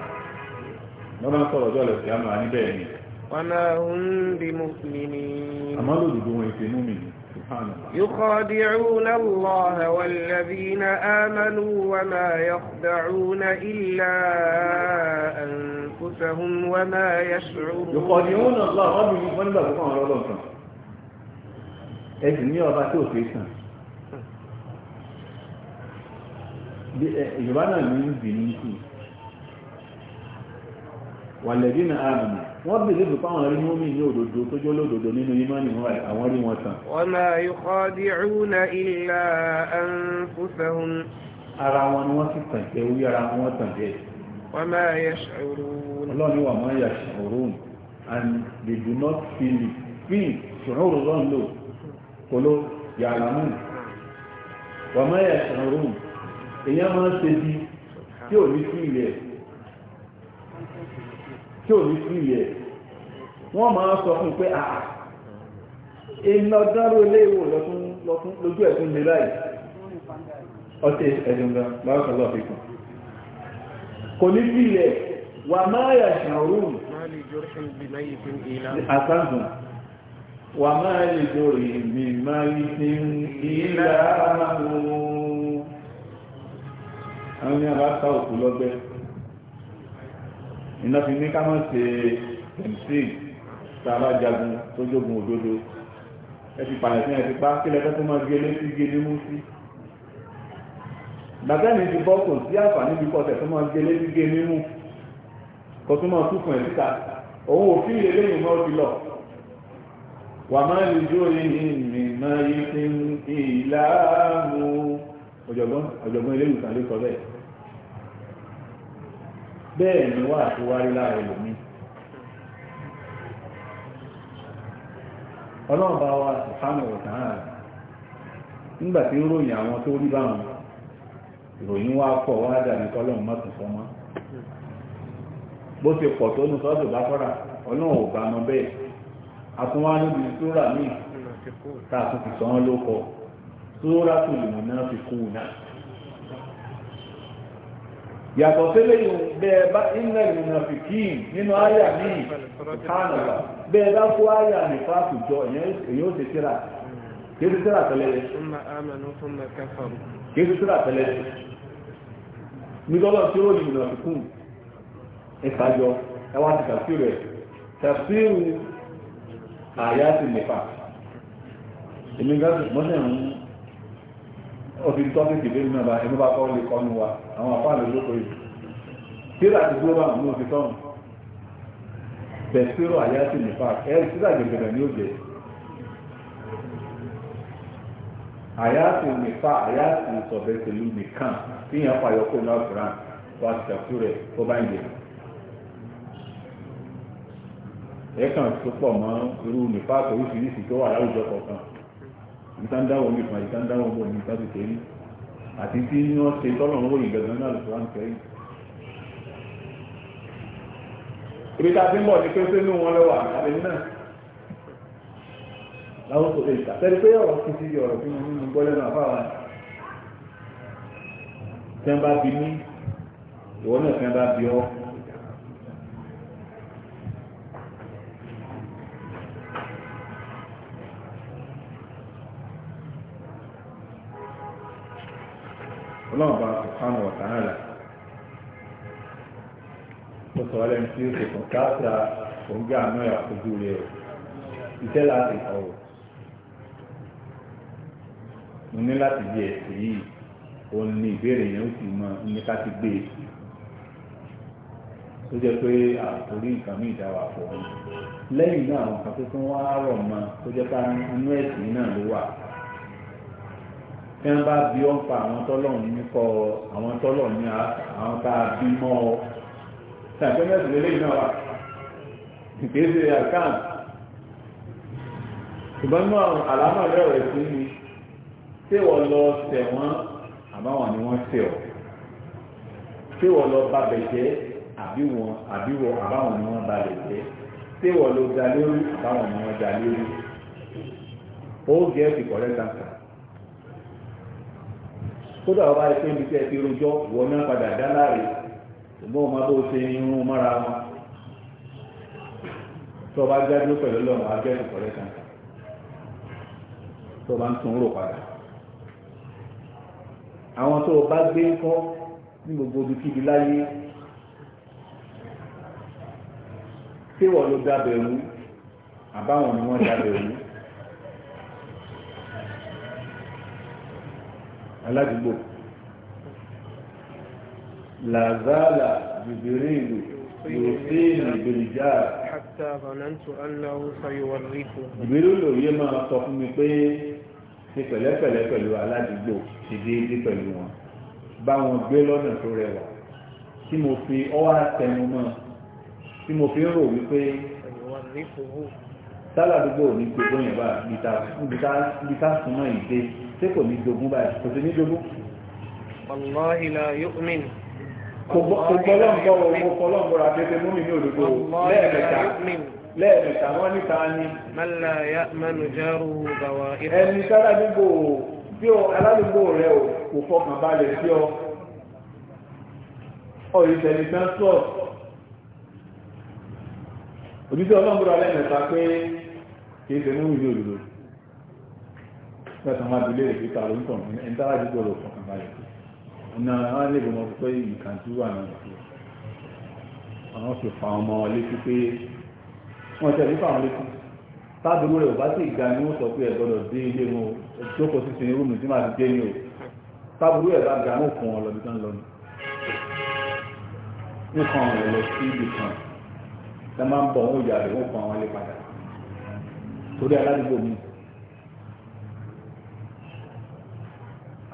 وما صلى جالس يا أما عن بيني وما هم بمؤمنين أما لو دون مؤمنين يخادعون الله والذين آمنوا وما يخدعون إلا أنفسهم وما يشعرون يخادعون الله ربهم ولا بقى ربهم ẹ̀sìn ní ọba tí ò fi sàn yorùbá náà ní ìbìnú kù wàlẹ́dí na àmì wọ́n bèèrè bí fáwọn rí mú ní òdòdó tó jọ́ lódòdó nínú ìmánì wọn àwọn rí wọn tàn. wa ma yukhadi'una illa anfusahum. ara wọn ni wọ́n sì tàn orí ara wọn tàn jẹ́. máa yash'urun and they máa ń tí ò ní sí ilẹ̀ wọ́n máa sọ fún pé àà iná dánrò ilé ìwò lọ́tún lójú ẹ̀sùn lè láì ọtí ẹ̀dùnga bárakàlá fíkùn kò ní sí ilẹ̀ wà máa yà ṣàrùn wà máa lè dòrì mi máa rí sí ilẹ̀ àwọn àwọn ni a bá ká òkú lọ́gbẹ́ iná fi ní ká mọ̀ ṣe tẹ̀sí tá a bá jagun tó jogun òdodo ẹ ti pààyàn sí ẹ ti pa kí lẹ́tọ́ tó máa gé létí gé nímú sí gbàgbẹ́ mi ti bọ́ kò sí àǹfààní bí kọ́sẹ̀ tó máa gé létí gé nímú kò tó máa túkùn ẹ̀ síta òun òfin ìrẹ́lẹ́yìn mọ́ ti lọ wà máa lè jó ìhìn mi máa yí sí ìlàmú ọ̀jọ̀gbọ́n ọ̀jọ̀gbọ́n ilé ìwòsàn ló sọ bẹ́ẹ̀ bẹ́ẹ̀ ni wà tó wárí lára ẹlòmí ọlọ́ọ̀bá wa sùpánù ọ̀tàn ọ̀tà nígbà tí ń ròyìn àwọn tó rí báwọn ìròyìn wá pọ̀ wá dàbí kọ́lọ́hún mọ́tò bó ti pọ̀ tó nu sọ́dù bá kọ́ra ọlọ́run ò bá mọ bẹ́ẹ̀ níbi míì tá a tún fi sọ wọn ló tó yàtọ̀ sílẹ̀ yìí bẹ́ẹ̀ bá iná ìrìnàfìkì nínú àyà ní kánàlá bẹ́ẹ̀ bá kó àyà ní fásitì jọ èyí ó ti síra kéde síra tẹ́lẹ̀ rẹ̀ kéde síra tẹ́lẹ̀ rẹ̀ nígbọ́lọ́ tí ó yìí ìrìnàfìkù ìfàjọ ẹwà ti kàfí rẹ̀ tafsiru àyà ti nìfà èmi gbàgbé mọ́sẹ̀ ń obìnrin tó tètè lé nínú ẹnu bá kọ́ lè kọ́nu wa àwọn afá lè lóko yìí tíra ti dúró báwọn ní òfin tọ́hún bẹ̀sírò àyà sí nípa ẹ tíra gbẹgbẹ̀rẹ̀ ní òjè àyà sí nípa àyà sí sọ̀bẹ̀sẹ̀lú nìkan tíyàn fàyọ kó náà fúran wá ti ṣàkú rẹ̀ tó bá ń yẹ. ẹ kàn tó pọ̀ mọ́ irú nípa oríṣiríṣi tó wà láwùjọ kọ̀ọ̀kan ìtàn dáwọ̀ mi fún ìtàn dáwọ̀ bọ̀ ní ìtàn tẹ̀lé àti tí wọ́n ṣe tọ́lọ̀ owó ìgbẹ̀gbẹ̀ náà lọ́sọ̀ wá ń kẹ́rì. ibi tá a ti ń bọ̀ ní pé sínú wọn lọ́wọ́ àtàlẹ́ náà láwọn tó lè gbà pé ọ̀rọ̀ kìí ti ọ̀rọ̀ tí mo ní gbọ́ lẹ́nu àfáwà tẹ́ bá bi mí ìwọ náà tẹ́ bá bi ọ́ ọlọ́run bá subhanahu wa ta'ala ó sọ ọlẹ́ni tí ó ṣètò káàkiri òǹgbà àánú ẹ̀ àkójú rẹ̀ iṣẹ́ láti ọ̀rọ̀ mo ní láti di ẹ̀sìn yìí òun ni ìbéèrè yẹn ó sì mọ ní ká ti gbé e tó jẹ́ pé àtòrí nǹkan ní ìdáwà pọ̀ lẹ́yìn náà àwọn kan tó tún wá rọ̀ mọ́ tó jẹ́ pé inú ẹ̀sìn náà ló wà tí wọ́n bá bí ọ́ ń pa àwọn tọ́lọ́run ní kọ́ àwọn tọ́lọ́run ní àwọn tá a bí mọ́ ọ. sàkẹ́mẹ́sì lélẹ́yìn náà wà kìí ṣe àkáǹt ṣùgbọ́n náà àlámà rẹ̀ rẹ̀ sí ni ṣé wọ́n lọ tẹ̀ wọ́n àbáwọn ni wọ́n tẹ̀ ọ́ ṣé wọ́n lọ ba bẹ̀jẹ́ àbí wọn àbí wọn àbáwọn ni wọ́n ba bẹ̀jẹ́ ṣé wọ́n lọ ga lórí àbáwọn ni wọ́n ga lórí ó gẹ́ ti correct kódà ọba ẹgbẹ́ ibi tí ẹ fi rojọ́ wọ náà padà dá láre ṣùgbọ́n ọmọ bó ṣe irun mọ́ra wọn tó ọba jáde pẹ̀lú lọ́wọ́ abẹ́rù kọ̀rẹ́ kan tó ọba ń tún rò padà àwọn tó o bá gbé ń kọ́ ní gbogbo ibikíbi láyé tí wọ́n ló dábẹ̀rù àbáwọn ni wọ́n dábẹ̀rù. aládùúgbò làzálà bìbìrì ìlú yóò sí ìbìrì já ìbìrì ìlú yé máa sọ fún mi pé ṣe pẹ̀lẹ́pẹ̀lẹ́ pẹ̀lú aládùúgbò ṣe déédé pẹ̀lú wọn bá wọn gbé lọ́nà tó rẹwà tí mo fi ọwọ́ àtẹnu mọ́ tí mo fi ń rò wípé sálàdúgbò ní gbogbo yẹn bá níbi súnmọ́ ìdé ṣé kò ní jogún báyìí kò sí ní jogún. Wallahi la yu'min. kò gbọ́lọ́ǹgbọ́ owó kọ́lọ́ǹgbọ́ ra pépé mú mi ní òdodo lẹ́ẹ̀mẹ́ta lẹ́ẹ̀mẹ́ta wọ́n níta ni. mẹ́lá ya mẹ́nu jẹ́rù bàwá ìfọ̀. ẹni sára gbogbo bí o aládùúgbò rẹ o kò fọkàn balẹ̀ sí ọ ọ̀rìṣẹ́ni tán sọ̀ òjíṣẹ́ ọlọ́mọdé alẹ́ mẹ́ta pé kì í ṣe mú mi ní òdodo láti máa délé rẹ̀ pípa ló ń tàn fún ẹni tára àdúgbò lọ fọkàn balẹ̀ ọ̀nà àwọn lè bọ́mọ pé nǹkan tí wà náà lọ́pọ̀ àwọn sì fa ọmọ létí pé wọ́n tẹ̀lé fà wọn létí tábìlú rẹ̀ ò bá sì ga ni wọ́n sọ pé ẹ gbọ́dọ̀ dé ilé wọn o jókòó sí sinmi rúmi tí màá ti dé ní o tábìlú rẹ̀ bá ga wọn fún ọ lọ́bi tán lọ ní nǹkan ọ̀rọ̀ lọ sí ibì kan tẹ́ máa ń bọ̀ wọn ò rẹ̀ wọ́n fún àwọn ilé padà torí aládùúgbò mi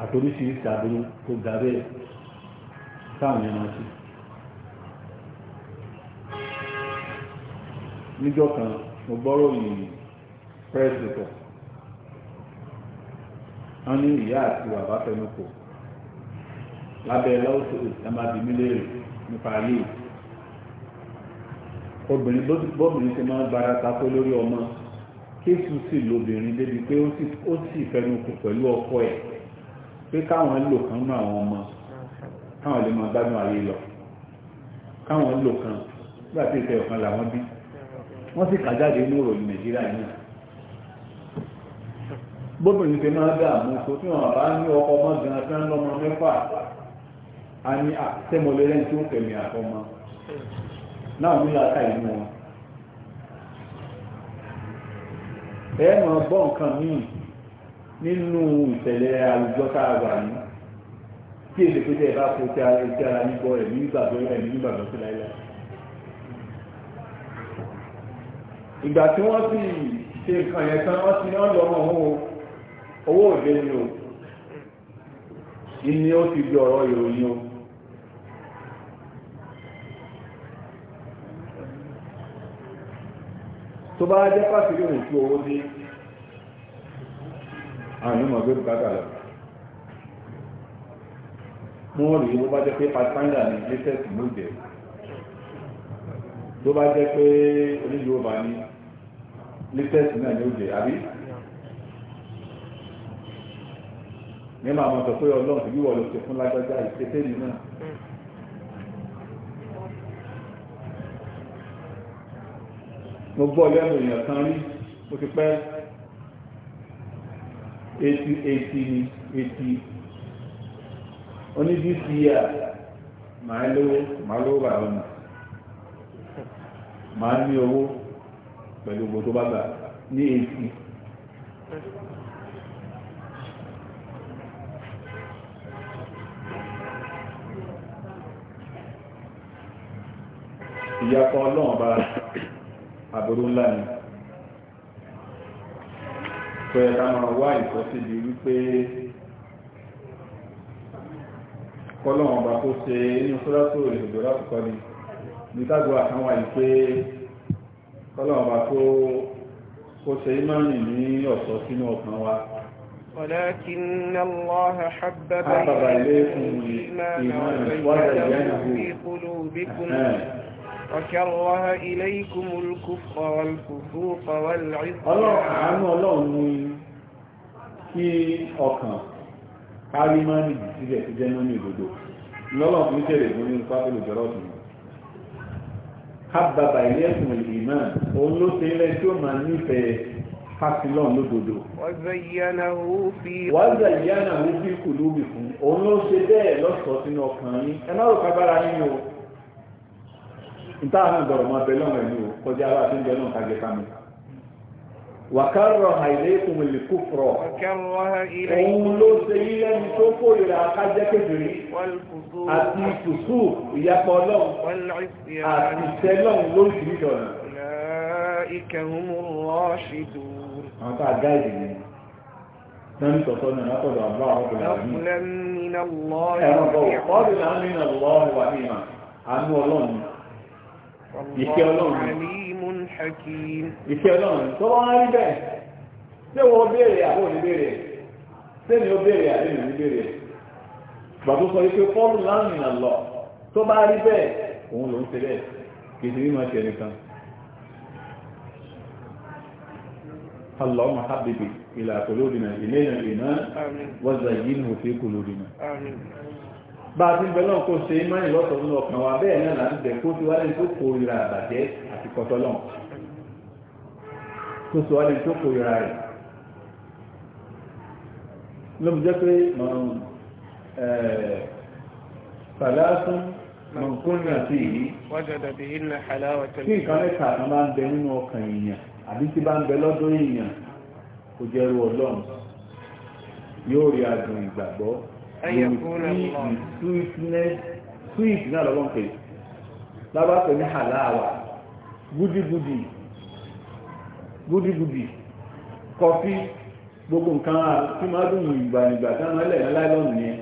àtòríṣiríṣi àbúrú tó ga bẹ́ẹ̀ táwọn èèyàn sí. níjọ́ kan mo gbọ́rọ̀ yìí pẹ́ẹ́sìtọ̀ wọ́n ní ìyá àti bàbá fẹnu kò lábẹ́ lọ́wọ́sọ ìsàmàbí mílíọ̀nù nípa ayé obìnrin bóbìnrin ti máa ń gbára tako lórí ọmọ kéésù sì lóbìnrin débi pé ó sì fẹnu kò pẹ̀lú ọkọ ẹ̀ pé káwọn lò kan nú àwọn ọmọ káwọn lè máa gbádùn ayé lọ káwọn lò kan nígbà tí ìfẹ́ ọ̀kan làwọn bí wọ́n sì kàjáde ní ìròyìn nàìjíríà yìí gbóbìnrin ṣe máa dààmú tó tí wọn bá ní ọkọ ọmọ gan fẹ́ ń lọ́mọ mẹ́fà a ní àtẹ́mọlẹ́rẹ́ tí ó fẹ̀mí àtọmọ náà ní láta ìlú wọn ẹ máa gbọ́ nǹkan míì nínú ìṣẹ̀lẹ̀ àwùjọ tá a wà ní tí èdè pé tẹ́ ẹ bá kó tí ara ní gbọ́ ẹ̀mí nígbàgbọ́ ẹ̀mí nígbàgbọ́ sí láíláí. ìgbà tí wọ́n sì ṣe nǹkan yẹn tán wọ́n ti ní ọ̀dọ̀ ọmọ owó òde ni o ìní ó ti di ọ̀rọ̀ ìròyìn o. tó bá jẹ́ pàṣẹ yóò ní ju owó dé àwọn yóò mọ̀ gbé bùkátà lọ mú wọn lòye bó bá jẹ́ pé pàtàkì ní latest ló jẹ́ tó bá jẹ́ pé oníyòóbá ní latest náà ló jẹ́ àbí ní máa mọ̀ sọ pé ọlọ́run ti wíwọ̀ lọ sí fún lágbájá ìṣẹ́tẹ́lì náà mo gbọ́ lẹ́nu èèyàn kan rí ó ti pẹ́ eighty eighty ni eighty ó ní this year màá lówó màá lówó bàá ọ̀nà màá ní owó pẹ̀lú gbogbo bá gbà ní eighty. ìyàtọ̀ ọlọ́run bá ńlá ni pé ká máa wá ìfẹ́ wípé kọ́lọ́wọ́n bá tó ṣe inú sọ́dọ́tò ìrìnàjò lápùpọ̀ ni ní tágbó àtàwọn àìpé kọ́lọ́wọ́n bá tó ṣe ìmánì ní ọ̀sọ̀ sínú ọkàn wa ولكن الله حبب إليكم الإيمان وزينه في قلوبكم وكره إليكم الكفر والفسوق والعصر ọlọ́run ọlọ́run ni kí ọkàn kárí máa ní ìdíjẹ̀ tí jẹ́ mọ́ní òdòdó lọ́lọ́run fún ìṣẹ̀lẹ̀ fún ní ipá pẹ̀lú jọrọ̀ ọ̀dùn kábàbà ilé ẹ̀sùn ìlìmọ̀ òun ló ṣe ilẹ̀ tí ó máa nífẹ̀ẹ́ fásilọ́n lódodo wọ́n zẹ̀yánà ó fi kùlú bì fún òun ló ṣe bẹ́ẹ̀ lọ́sọ̀ọ́ sínú ọkàn yín ẹ má rò kábàrà yín o níta náà gbọ́dọ̀ máa bẹ lọ́wọ́ ẹ̀mí o kọjá wa ti ń bẹ náà kájẹ ká mi. wàkàrọ̀ àìlè ìkùnrin lè kú fúrọ̀. òun ló ṣe yí lẹ́nu tó kórìíra kájẹ́ kékeré àti ìtùsù ìyapọ̀ ọlọ́run àti ìtẹ́lọ́run lóríṣiríṣi ọ̀nà. àwọn tá a gáàdì ni sani tọ̀tọ̀ náà látọ̀dọ̀ àbúrò àwọn ọ̀gbìn ẹ̀rọ bọ̀ wọ́ọ̀dù náà nínú ọlọ́run wà ní ìmọ̀ àánú ọlọ́run ìfẹ́ ọlọ́run ìfẹ́ ọlọ́run tó wọ́n rí bẹ́ẹ̀ ṣé wọ́n béèrè àbọ̀ ní béèrè ṣé ni ó béèrè àbí ní béèrè bàbá sọ wípé bá rí bẹ́ẹ̀ òun ló ń ṣe bẹ́ẹ̀ kì í ṣe nínú ẹsẹ̀ nìkan. اللهم حبب إلى قلوبنا إلينا الإيمان وزينه في قلوبنا آمين bá a ti bẹ lọ́n kó ṣe imáyìn lọ́tọ̀ nínú ọkàn wa bẹ́ẹ̀ náà láti bẹ̀ kó ti wálé tó kórìíra àbàjẹ́ àti kọtọ́lọ́n kó ti wálé tó kórìíra rẹ̀ ló ń jẹ́ pé fàlásùn mọ̀nkúnnà sí yìí kí nǹkan mẹ́ta kan bá ń bẹ nínú ọkàn èèyàn àbí tí bá ń bẹ lọ́dọ̀ èèyàn kò jẹ́rú ọlọ́run yóò rí adùn ìgbàgbọ́ sweet náà lọ́wọ́n pè lábá pè ní halawa gudigudi gudigudi kọfí gbogbo nǹkan tí máa dùn ìgbà ìgbà tí wọ́n lẹ̀ láìlọ́nù yẹn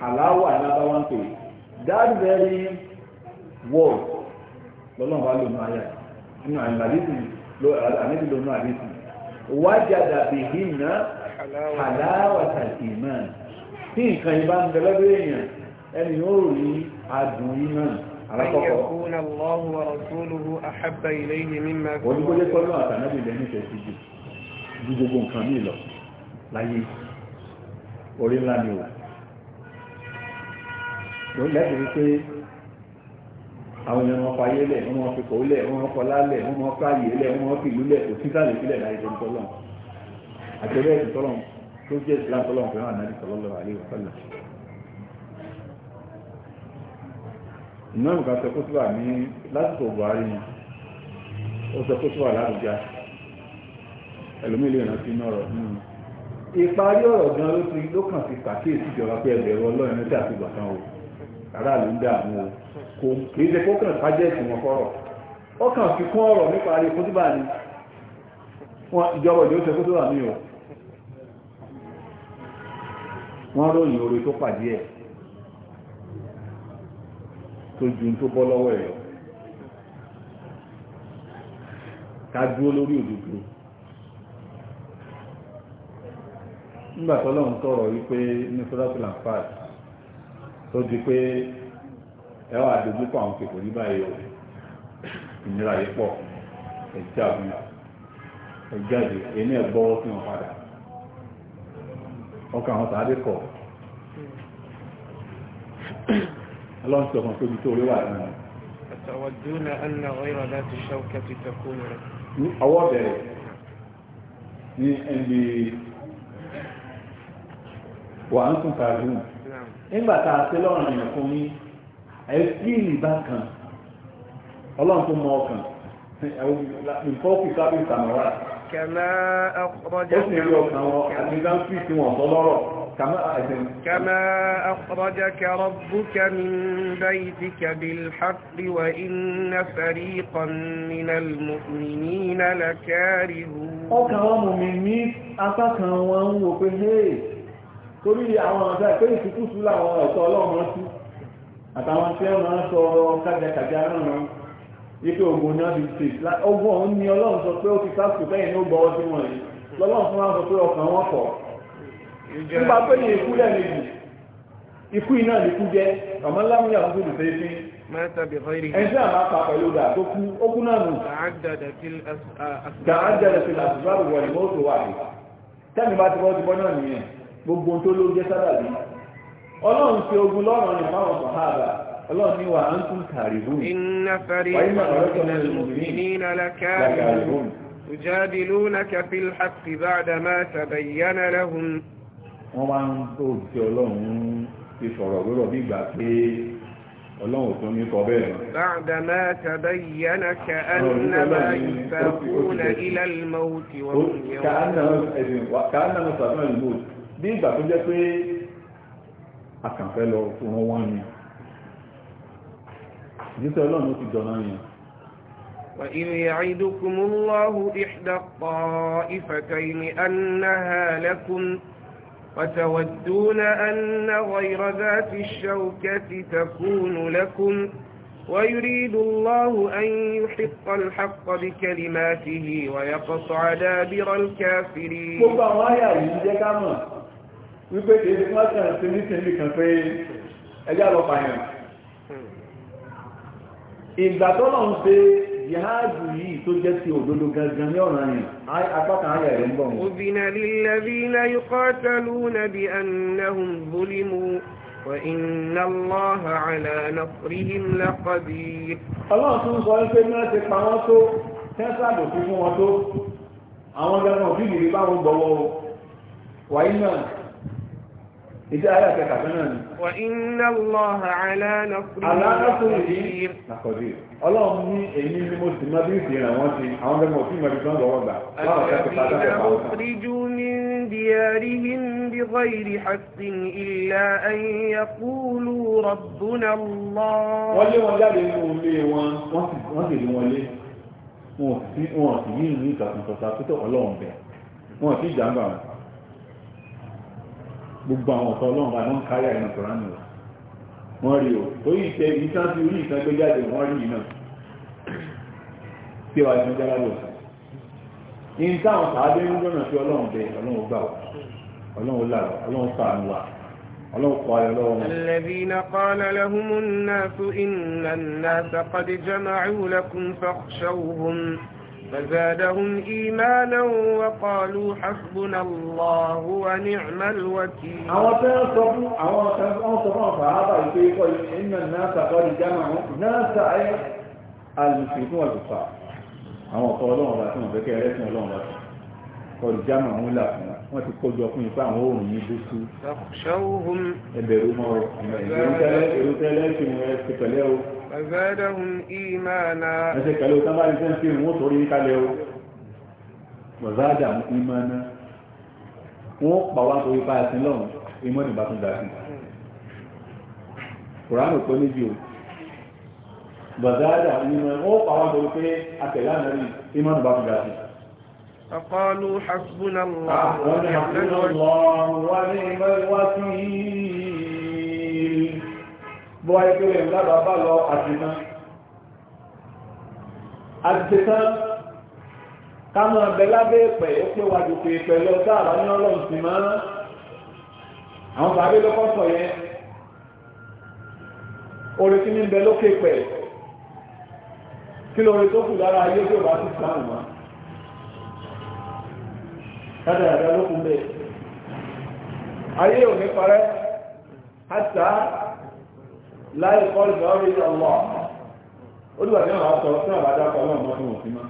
halawa lábá wọ́n pè that very word lọ́lọ́n bá lò náà nínú àìmàlítì àmìlì lò náà wájà dàbí hìnnà halawa tàbí imáà tí nǹkan ìbá ń bẹ̀lẹ́bẹ̀ èèyàn ẹni ó rí adùn yìí náà alákọ̀ọ́kọ́ onígbójẹ́ tọ́lú àtànábì lẹ́nu tẹ̀ sí ju gbogbo nǹkan mí lọ láyé orí ńlá ni ò lẹ́bùn wípé àwọn èèyàn wọn fa ayé lẹ̀ wọ́n wọn fi kò lẹ̀ wọ́n wọn kọlá lẹ̀ wọ́n wọn fààyè lẹ̀ wọ́n wọn fi ìlú lẹ̀ kò sí sáàlẹ̀ sílẹ̀ láyé tó ń tọ́lọ̀ àjẹ́bẹ́ẹ̀ tó tọ́lọ̀ tó jẹ́ islam tọ́lọ́wọ́n fẹ́ràn ànábì sallallahu alaihi wasallam. ìmọ̀ nǹkan sọ kótó wà ní lásìkò buhari ni ó sọ kótó wà lárugá ẹlòmíì lè rántí náà rọ nínú ìparí ọ̀rọ̀ gan ló ti ló kàn ti pàkíyèsí ìjọba pé ẹgbẹ̀rún ọlọ́run o o kò ṣe kó kàn wọn fọ́rọ̀ fi kún ọ̀rọ̀ nípa ni ìjọba ìjọba o wọ́n ròyìn orí tó pàdé ẹ̀ tó ju tó bọ́ lọ́wọ́ ẹ̀ lọ ká dúró lórí wípé ní sọ́dọ̀tìlà fàt tó di pé ẹwà àwọn ní báyìí o ìnira yìí pọ̀ ọkàn àwọn tàbí kọ̀ ọlọ́run sọ kan tóbi tó orí wà nínú àtàwàdúnà anna ọ̀rọ̀ láti ṣọ́kẹ́ ti tẹ̀kọ́ rẹ̀ ní ọwọ́ bẹ̀rẹ̀ ní ẹni wà ń kún kàdùn nígbà kàmá akọrọjà kàmá akọrọjà kẹrọ búkà mi báyìí ti kàbí alḥàbí wa iná fàrí kọmínà mùmìnì na lákàrí hù. ọkàn wọn mùmìnì apákan wọn ń wò pé hey torí àwọn ọ̀dà pé ìsìnkú sùn láwọn ọ̀tọ̀ ọlọ́run rántí àtàwọn tí wọ́n máa ń sọ kájàkájà náà yíké ogun ní wọ́n ti ṣe ogun ọ̀hún ni ọlọ́run sọ pé ó ti sáàkù sẹ́yìn ní ó gbọ́ ọtí wọn yìí lọ́lọ́run fún wa sọ pé ọkàn wọn kọ̀ nípa pé ní ikú lẹ́ẹ̀mejì ikú iná ní ikú jẹ́ ọmọ lámúyà ń gbèdè sí fi ẹni tí a máa pa pẹ̀lú dà tó kú ogun náà nù gàájẹ̀dẹ̀ sí làtúbárù wọ̀ ní mọ́tò wà ní tẹ́mi bá ti bọ́ ti bọ́ náà nìyẹn gbogbo tó ló jẹ́ sábàbí ọlọ́run fi ogun lọ́rùn ní ọlọ́run ní wà á ń tún kàrìbùn wáyé máa ọ̀rọ̀ kẹ́lẹ́ يجادلونك في الحق بعدما تبين لهم wọ́n wá ń tó ti ọlọ́run ti sọ̀rọ̀ lọ́rọ̀ bí ní sọ bẹ́ẹ̀ mọ́. bàdàmà tàbá yánà ka annama ìfàkúnà ilàlmọ́tì wọn bí ìgbà tó jẹ́ pé àkànfẹ́ lọ fún wọn wá ni ìgbésẹ̀ ọlọ́run ó ti dọ̀nà yẹn وإذ يعدكم الله إحدى الطائفتين أنها لكم وتودون أن غير ذات الشوكة تكون لكم ويريد الله أن يحق الحق بكلماته ويقطع دابر الكافرين gbogbo àwọn ayà yìí jẹ́ ká mọ̀ wípé èdè wọ́n tàn sí ní tẹ̀lé kan pé ẹjá lọ pààyàn ìgbà tó náà ń ṣe jihadu yìí tó jẹ́ ti òdodo gangan ní ọ̀ràn yìí apákan ayẹ̀ rẹ̀ ń bọ̀ wọn. ubina lilladhina yuqataluna bi annahum zulimu wa inna Allaha ala Ìdí ara kẹta fẹ́ náà ni. Wà iná lọ aláàlọ́kùnrin. Aláàlọ́kùnrin yìí. Àkọ̀dé. Ọlọ́run ní èyí ni mo sì máa bí ìsìn ràn wọ́n ti àwọn ọmọ òfin mọ̀ ìfẹ́ lọ́wọ́ gbà. Láwọn kẹta kẹta kẹta kẹta. Àwọn òfìrìjú Wọ́n lé wọn jáde nínú ilé wọn, wọ́n sì lé wọn lé. Wọn sì ní ìlú ìtàkùn sọ̀tà tó ọlọ́run bẹ̀. Wọn ò sí wọn gbogbo àwọn ọ̀tọ̀ ọlọ́run bá wọ́n kárí àìní kòránì rẹ̀ wọ́n rí o torí ìtẹ́ ìtàn ti rí ìtàn gbéjáde wọ́n rí iná tí wàá tún jára lò sí i ní táwọn sàádé ń gbọ́nà sí ọlọ́run bẹ ọlọ́run gbà wá ọlọ́run là ọlọ́run sàánú wá ọlọ́run kọ́ ayọ̀ lọ́wọ́ wọn. alladhina qala lahumun nasu inna an-nasa qad jama'u lakum فزادهم إيمانا وقالوا حسبنا الله ونعم الوكيل أو تنصبوا أو تنصبوا فهذا يقول إن الناس قد جمعوا ناس أي المشركون والكفار àwọn ọ̀tọ̀ ọlọ́run ọba tí wọ́n fẹ́ kẹ́ ẹrẹ́sìn ọlọ́run ọba kọlu jámà ń là fún wọn ti kójú ọkùnrin pé àwọn oòrùn yìí bó tú ẹbẹ̀rù mọ́ ẹ̀rù tẹ́lẹ̀ ẹ̀rù tẹ́lẹ̀ ṣe wọn ẹ̀ ti pẹ̀lẹ́ o Fazadahum imana. Ẹsẹ̀ pẹ̀lú tán bá rí fẹ́ fi wọ́n sórí kalẹ̀ o. Fazadahum imana. Wọ́n pa wá sórí pa ẹ̀sìn lọ́run, imọ́ ní bá tún dà sí. Kùránù pé méjì o. Fazadahum imana. Wọ́n pa wá sórí pé àtẹ̀lá náà rí imọ́ ní bá tún dà sí. Faqalu hasbuna Allah. Àwọn ni bọ́ ẹgbẹ̀rẹ̀ lábàá bá lọ àdìmá àdìtẹ́tán kámọ́ ọ̀bẹ lábẹ́ ẹ̀pẹ̀ ó pé wájú pé ẹ̀pẹ̀ lọ sáàrà ní ọlọ́run sì máa àwọn bàbá lọ́kọ́ sọ yẹn orí tí ní ń bẹ lókè pẹ̀ kí lóore tó kù lára ayé tí ò bá ti sáà wá dáadáa lókun bẹ́ẹ̀ ayé ò ní parẹ́ àtàá láì kọ́ ìgbà orí ọlọ́ ó dìgbà tí wọ́n bá sọ tí wọ́n bá dákọ̀ ọlọ́run mọ́ fún òfin mọ́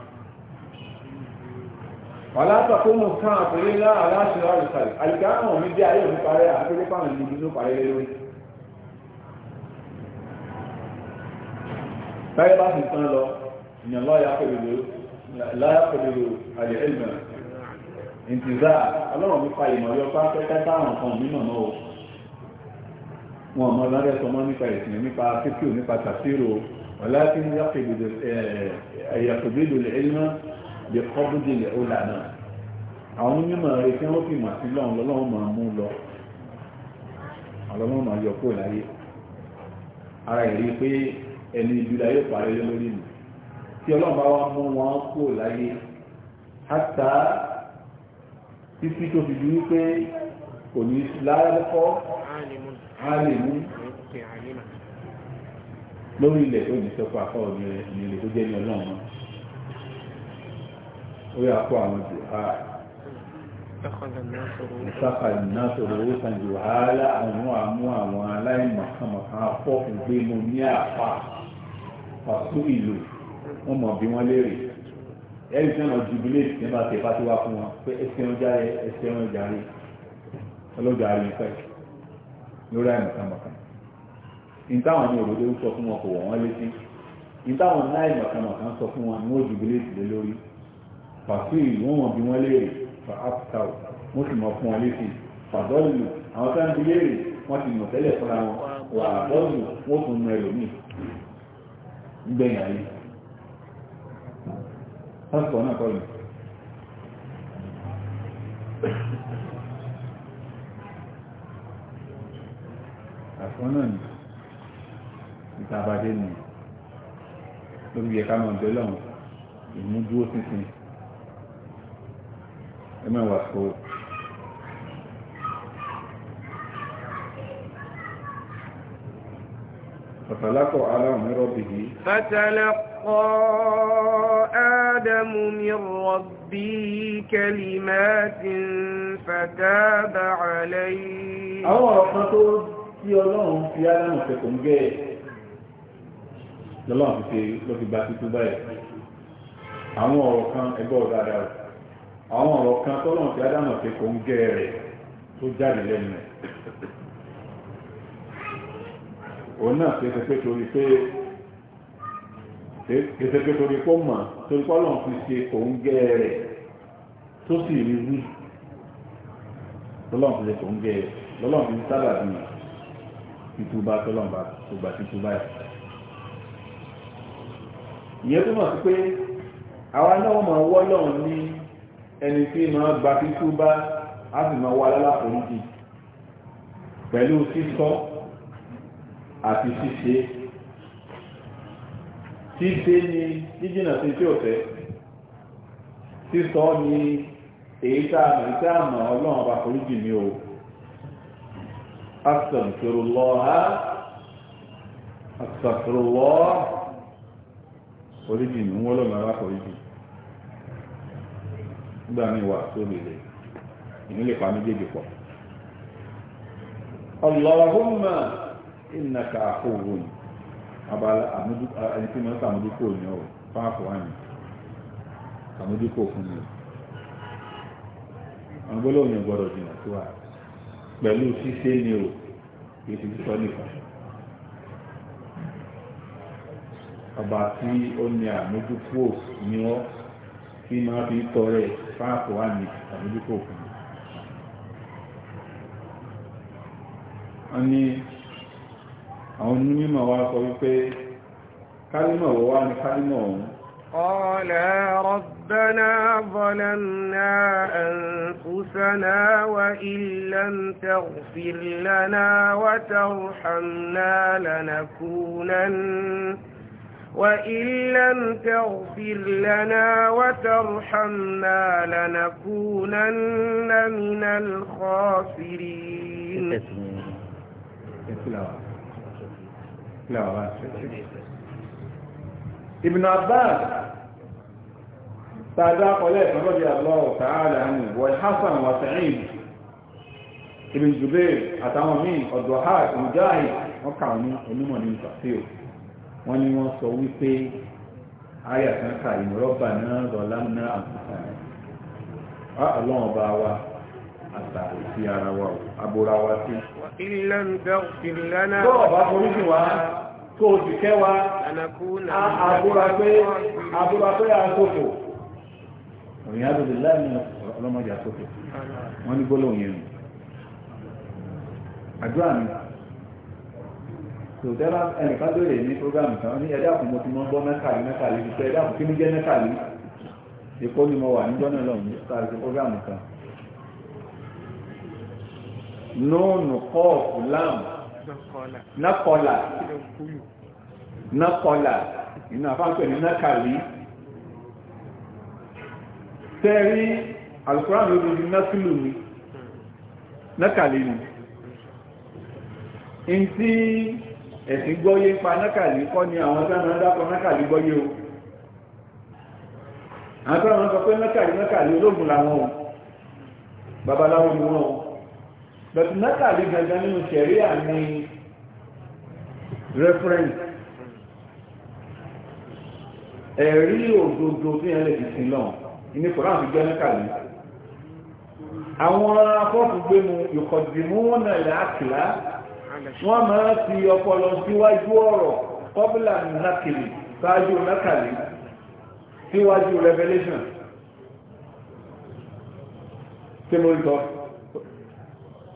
wàlátà tó mú kán àpèrè ńlá aláṣẹ àrùsàlì àyíká àwọn mi dé ayé òní parẹ́ àpèrè fáwọn ìlú ìlú parẹ́ lórí báyẹ̀ bá sì tán lọ ìyàn lọ́yà pẹ̀lú àlẹ́ ẹ̀lmẹ̀ wọn ọmọ lọ́rẹ́ sọ mọ́ nípa ìsìn nípa fífíò nípa tàfírò ọ̀láàkí ní yàtọ̀gbẹ́dọ̀ ẹ̀yìnmọ́ lè kọ́bùdì lè ọ̀là náà àwọn onímọ̀ rẹ̀ tí wọ́n fi mọ̀ sí lọ́wọ́ lọ́wọ́ máa mú lọ ọlọ́mọ máa yọ kó láyé ara ìrí pé ẹni ibi láyé parẹ́ lórí mi tí ọlọ́run bá wá mú wọn kó láyé hátà títí tó fi di wípé kò ní láyé kọ́ alimu lórí ilẹ̀ tó di sọ́kọ́ afọ́ ọ̀gbìn rẹ̀ ní ilẹ̀ tó jẹ́ ní ọlọ́run ó yà kó àwọn jù á ìsáfà ìnásòrò owó san jù wàhálà àwọn àmú àwọn aláìmọ̀kànmọ̀kàn afọ́kùn pé mo ní àpá pàtó ìlú wọn mọ̀ bí wọ́n léèrè ẹ̀rí tí wọ́n ju bílẹ̀ tí wọ́n bá tẹ̀ bá ti wá fún wọn pé ẹsẹ̀ wọn jáde ẹsẹ̀ wọn jáde ọlọ́jà rẹ̀ fẹ́ẹ́ lórí àìmọ̀kànmọ̀kàn ìtàwọn ní òdodo ń sọ fún wọn kò wọ̀ wọ́n létí ìtàwọn ní àìmọ̀kànmọ̀kàn sọ fún wọn ní ó ju bíléèsì lé lórí fàtí ìwọ̀n wọn bí wọ́n léèrè fa aptal wọ́n sì mọ̀ fún wọn létí fàdọ́lù àwọn tó ń bi léèrè wọ́n ti mọ̀ tẹ́lẹ̀ fúnra wọn wà àdọ́lù wọ́n tún mọ ẹlòmíì gbẹ̀yìn ayé pásítọ̀ náà kọ́ wọn náà ní ìtàbàdé nù lórí yẹ ká máa bẹ́lọ̀ ìmúdúró sísìn ẹ máa wà sọ فتلقى آدم من ربه فتلقى آدم من ربه كلمات فتاب عليه أو أفضل tí ọlọ́run fi ádámù fẹ̀kọ̀ ń gẹ́ ẹ̀ lọ́lọ́run fi ṣe ló fi gba títú báyìí àwọn ọ̀rọ̀ kan ẹgbẹ́ ọ̀gá dára àwọn ọ̀rọ̀ kan tọ́lọ́run fi ádámù fẹ̀kọ̀ ń gẹ́ rẹ̀ tó jáde lẹ́nu ẹ̀ òun náà ṣe pé torí pé ṣe pé torí pé mọ̀ torí pé ọlọ́run fi ṣe kò ń gẹ́ rẹ̀ tó sì rí wí lọ́lọ́run fi ṣe kò ń gẹ́ rẹ̀ lọ́lọ́run fi sábà bíi títúbá tọ́lọ́mbà tó gba títúbá yìí. ìyẹn tó mọ̀ sí pé àwa náà máa wọ́ lọ́hùn ní ẹni tí máa gba títúbá á sì máa wá lálàforíjì pẹ̀lú sísọ àti ṣíṣe ṣíṣe ni jíjìnà sí tí ò fẹ́ sísọ ni èyí tá a mọ̀ ìtẹ́ ọlọ́run ọba foríjì ni o. أستغفر الله أستغفر الله oríjì ní wọ́n lọ́nà alákọ̀ọ́ríjì gbà ní wà tó lè rẹ̀ ìnílẹ̀ pa méjèèjì pọ̀ Allahumma innaka abala ẹni tí mọ́ ọrụ ní ọ̀rọ̀ fáàkù àmì sàmójúkò fún mi ọgbọ́lọ́ pẹ̀lú ṣíṣe ni o kìí ti sọ nìkan ọba tí ó ní àmójúkú ni ọ tí máa fi tọrẹ fáàpù wà ní àmójúkú òkun wọ́n ní àwọn onímọ̀ wa sọ wípé kálímọ̀ wọ́n wá ní kálímọ̀ ọ̀hún قالا ربنا ظلمنا أنفسنا وإن لم تغفر لنا وترحمنا لنكونن وإن لم تغفر لنا وترحمنا لنكونن من الخاسرين لا لا Ibn Abbas tàbí akọlẹ̀ ìfẹ́lọ́dí Allahu ta'ala anhu wọ Hassan wa Sa'id Ibn àtàwọn míì ọ̀dọ̀ ha wọ́n kà ní onímọ̀ ní ìfàfíò wọ́n wọ́n sọ wípé ayà kan kà ìmọ̀rọ̀bà náà lọ́lá náà àbùkà ọlọ́run bá wa ara wa wa sí. ń lẹ́nà. tó oṣù kẹwàá àbúra pé àbúra pé àtòkò òyìn àdòdè láàrin ọlọ́mọdé àtòkò wọ́n ní gbólóhùn yẹn àdúrà mi ẹnìkan ní kan ní àkùnmọ́ tí wọ́n gbọ́ àkùn kí ní ni mo wà níjọ́ náà lọ́hùn ní sàrẹ̀sẹ̀ kan nóònù kọ́ọ̀kù nákọlà nákọlà iná afáǹpẹ̀ ní nákàlí tẹ́rí alukóran ló lórí nákìlù ni nákàlí ni in tí ẹ̀sìn gbọ́yé pa nákàlí kọ́ ni àwọn sáà dákọ̀ nákàlí gbọ́yé o àwọn sáà wọn sọ pé nákàlí nákàlí ológun làwọn o babaláwo ni wọn o bẹ̀tù mẹ́tàlí gangan nínú ṣẹ̀ríà ní reference ẹ̀rí òdodo tí ẹ lè fi sin náà ní koran fi jẹ́ mẹ́tàlí àwọn afọ́fù gbé mu ìkọ̀dìmú náà láàkìlá wọ́n revelation tí mo ń tọ́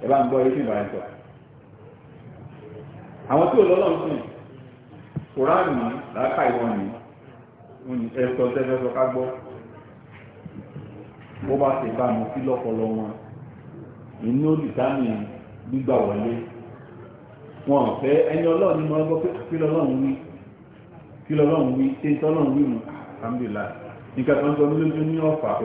ẹ bá ń gbọ́ yìí fìbà ẹ̀sọ̀ àwọn tí ò lọ́lọ́ ń sìn kùránì làákà ìwọ̀n ni ẹ̀sọ̀ tẹ́fẹ́ sọ ká gbọ́ bó bá ṣe bá mi sí lọ́pọlọ wọn inú olùdámì gbígbà wọlé wọn ò fẹ́ ẹni ọlọ́run ni wọ́n gbọ́ pé kí lọ́lọ́run wí kí lọ́lọ́run wí ṣé tọ́lọ́run wí mu alhamdulilayi nǹkan kan sọ ní lójú ní ọ̀fà kò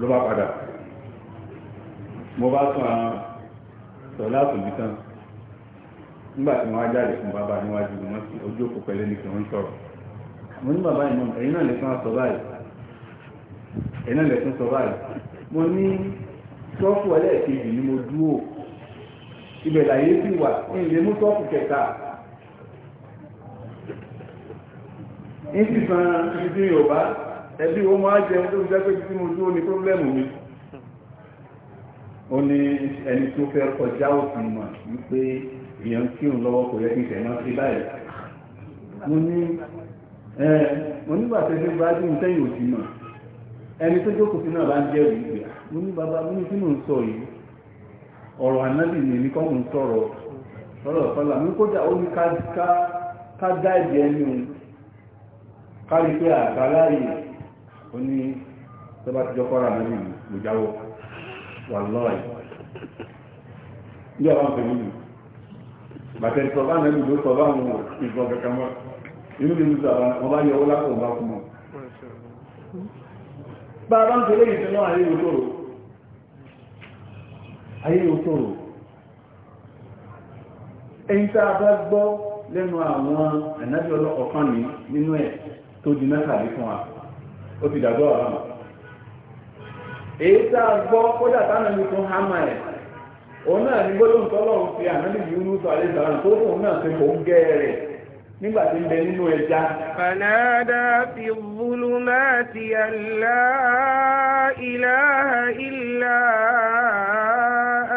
ló bá padà mo bá tún àwọn sọ̀lá tòbí tán nígbà tí wọ́n á jáde fún bàbá níwájú wọn sí ojú òkú pẹ̀lú ní kí wọ́n sọ̀rọ̀ mo ní bàbá ìmọ̀ ẹ̀yin náà lè tún sọ báyìí ẹ̀yin náà lè tún sọ báyìí mo ní sọ́ọ̀fù ẹlẹ́ẹ̀kejì ni mo dúró ibẹ̀ làyé sì wà ní ilé mú sọ́ọ̀fù kẹta ní sísan ibi tí yorùbá ẹbí wọn máa jẹun tó jẹ́ pé tí mo dúró ní pọ́blẹ́mù mi ó ní ẹni tó fẹ́ kọjá òfin mà wípé èèyàn kí òun lọ́wọ́ kò yẹ kí ìfẹ́ máa fi báyìí mo ní mo nígbà tó ṣe bá dùn sẹ́yìn òsì mà ẹni tó jókòó sí náà bá ń jẹ́ òun ìgbà mo ní bàbá mo ní kí mò ń sọ yìí ọ̀rọ̀ ànábì ni èmi kọ́ mò ń sọ̀rọ̀ sọ̀rọ̀ sọ́là mi kódà ó ní ká dá ìdí ẹni òun ká rí pé àgbáláyè ó ní tó bá ti jọ kọ́ra lórí ìlú mo jáwọ́ wà lọ́ọ̀ì ní ọ̀rọ̀ ọ̀sẹ̀ nínú bàtẹ̀ ìsọ̀bá náà ló sọ̀bá àwọn ìgbọ̀n kankan mọ́ inú mi nígbà wọn bá yọ owó lápò bá fún wọn bá a bá ń tẹ́lẹ̀ ìṣẹ́ náà ayé òṣòro ayé òṣòro ẹni tá a bá gbọ́ lẹ́nu àwọn ẹ̀nájọ́ ọlọ́kọ̀ọ́kan ní nínú ẹ̀ tó di mẹ́tàlé fún wa ó ti dàgbọ́ àwọn èyí tá a gbọ́ kódà táwọn ẹni tó hámà ẹ̀ òun náà ní gbọ́dọ̀ tọ́lọ́run fi ànábì yìí ní àlejò tó fún náà ti kò ń gẹ́ rẹ̀ nígbà tí ń bẹ nínú ẹja. fanada fi zulumati alla ilaha illa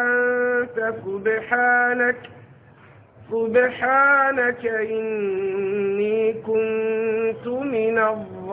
anta subhanak subhanaka inni kuntu minadh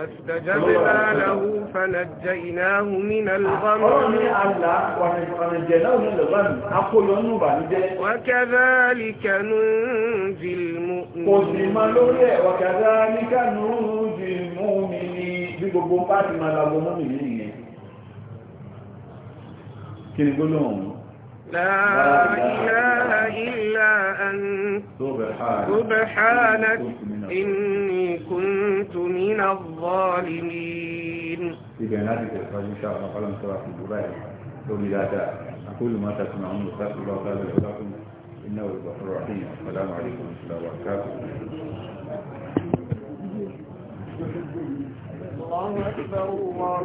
فاستجبنا له فنجيناه من الغم وكذلك ننجي المؤمنين وكذلك ننجي المؤمنين لا إله إلا أنت سبحانك إن كنت من الظالمين في ببياناتك الإخراج إن شاء الله قلم سواء في الجبال قولي لا داء أقول ما تسمعون وخاف الله تعالى لكم إنه الغفور الرحيم السلام عليكم ورحمة الله وبركاته الله أكبر الله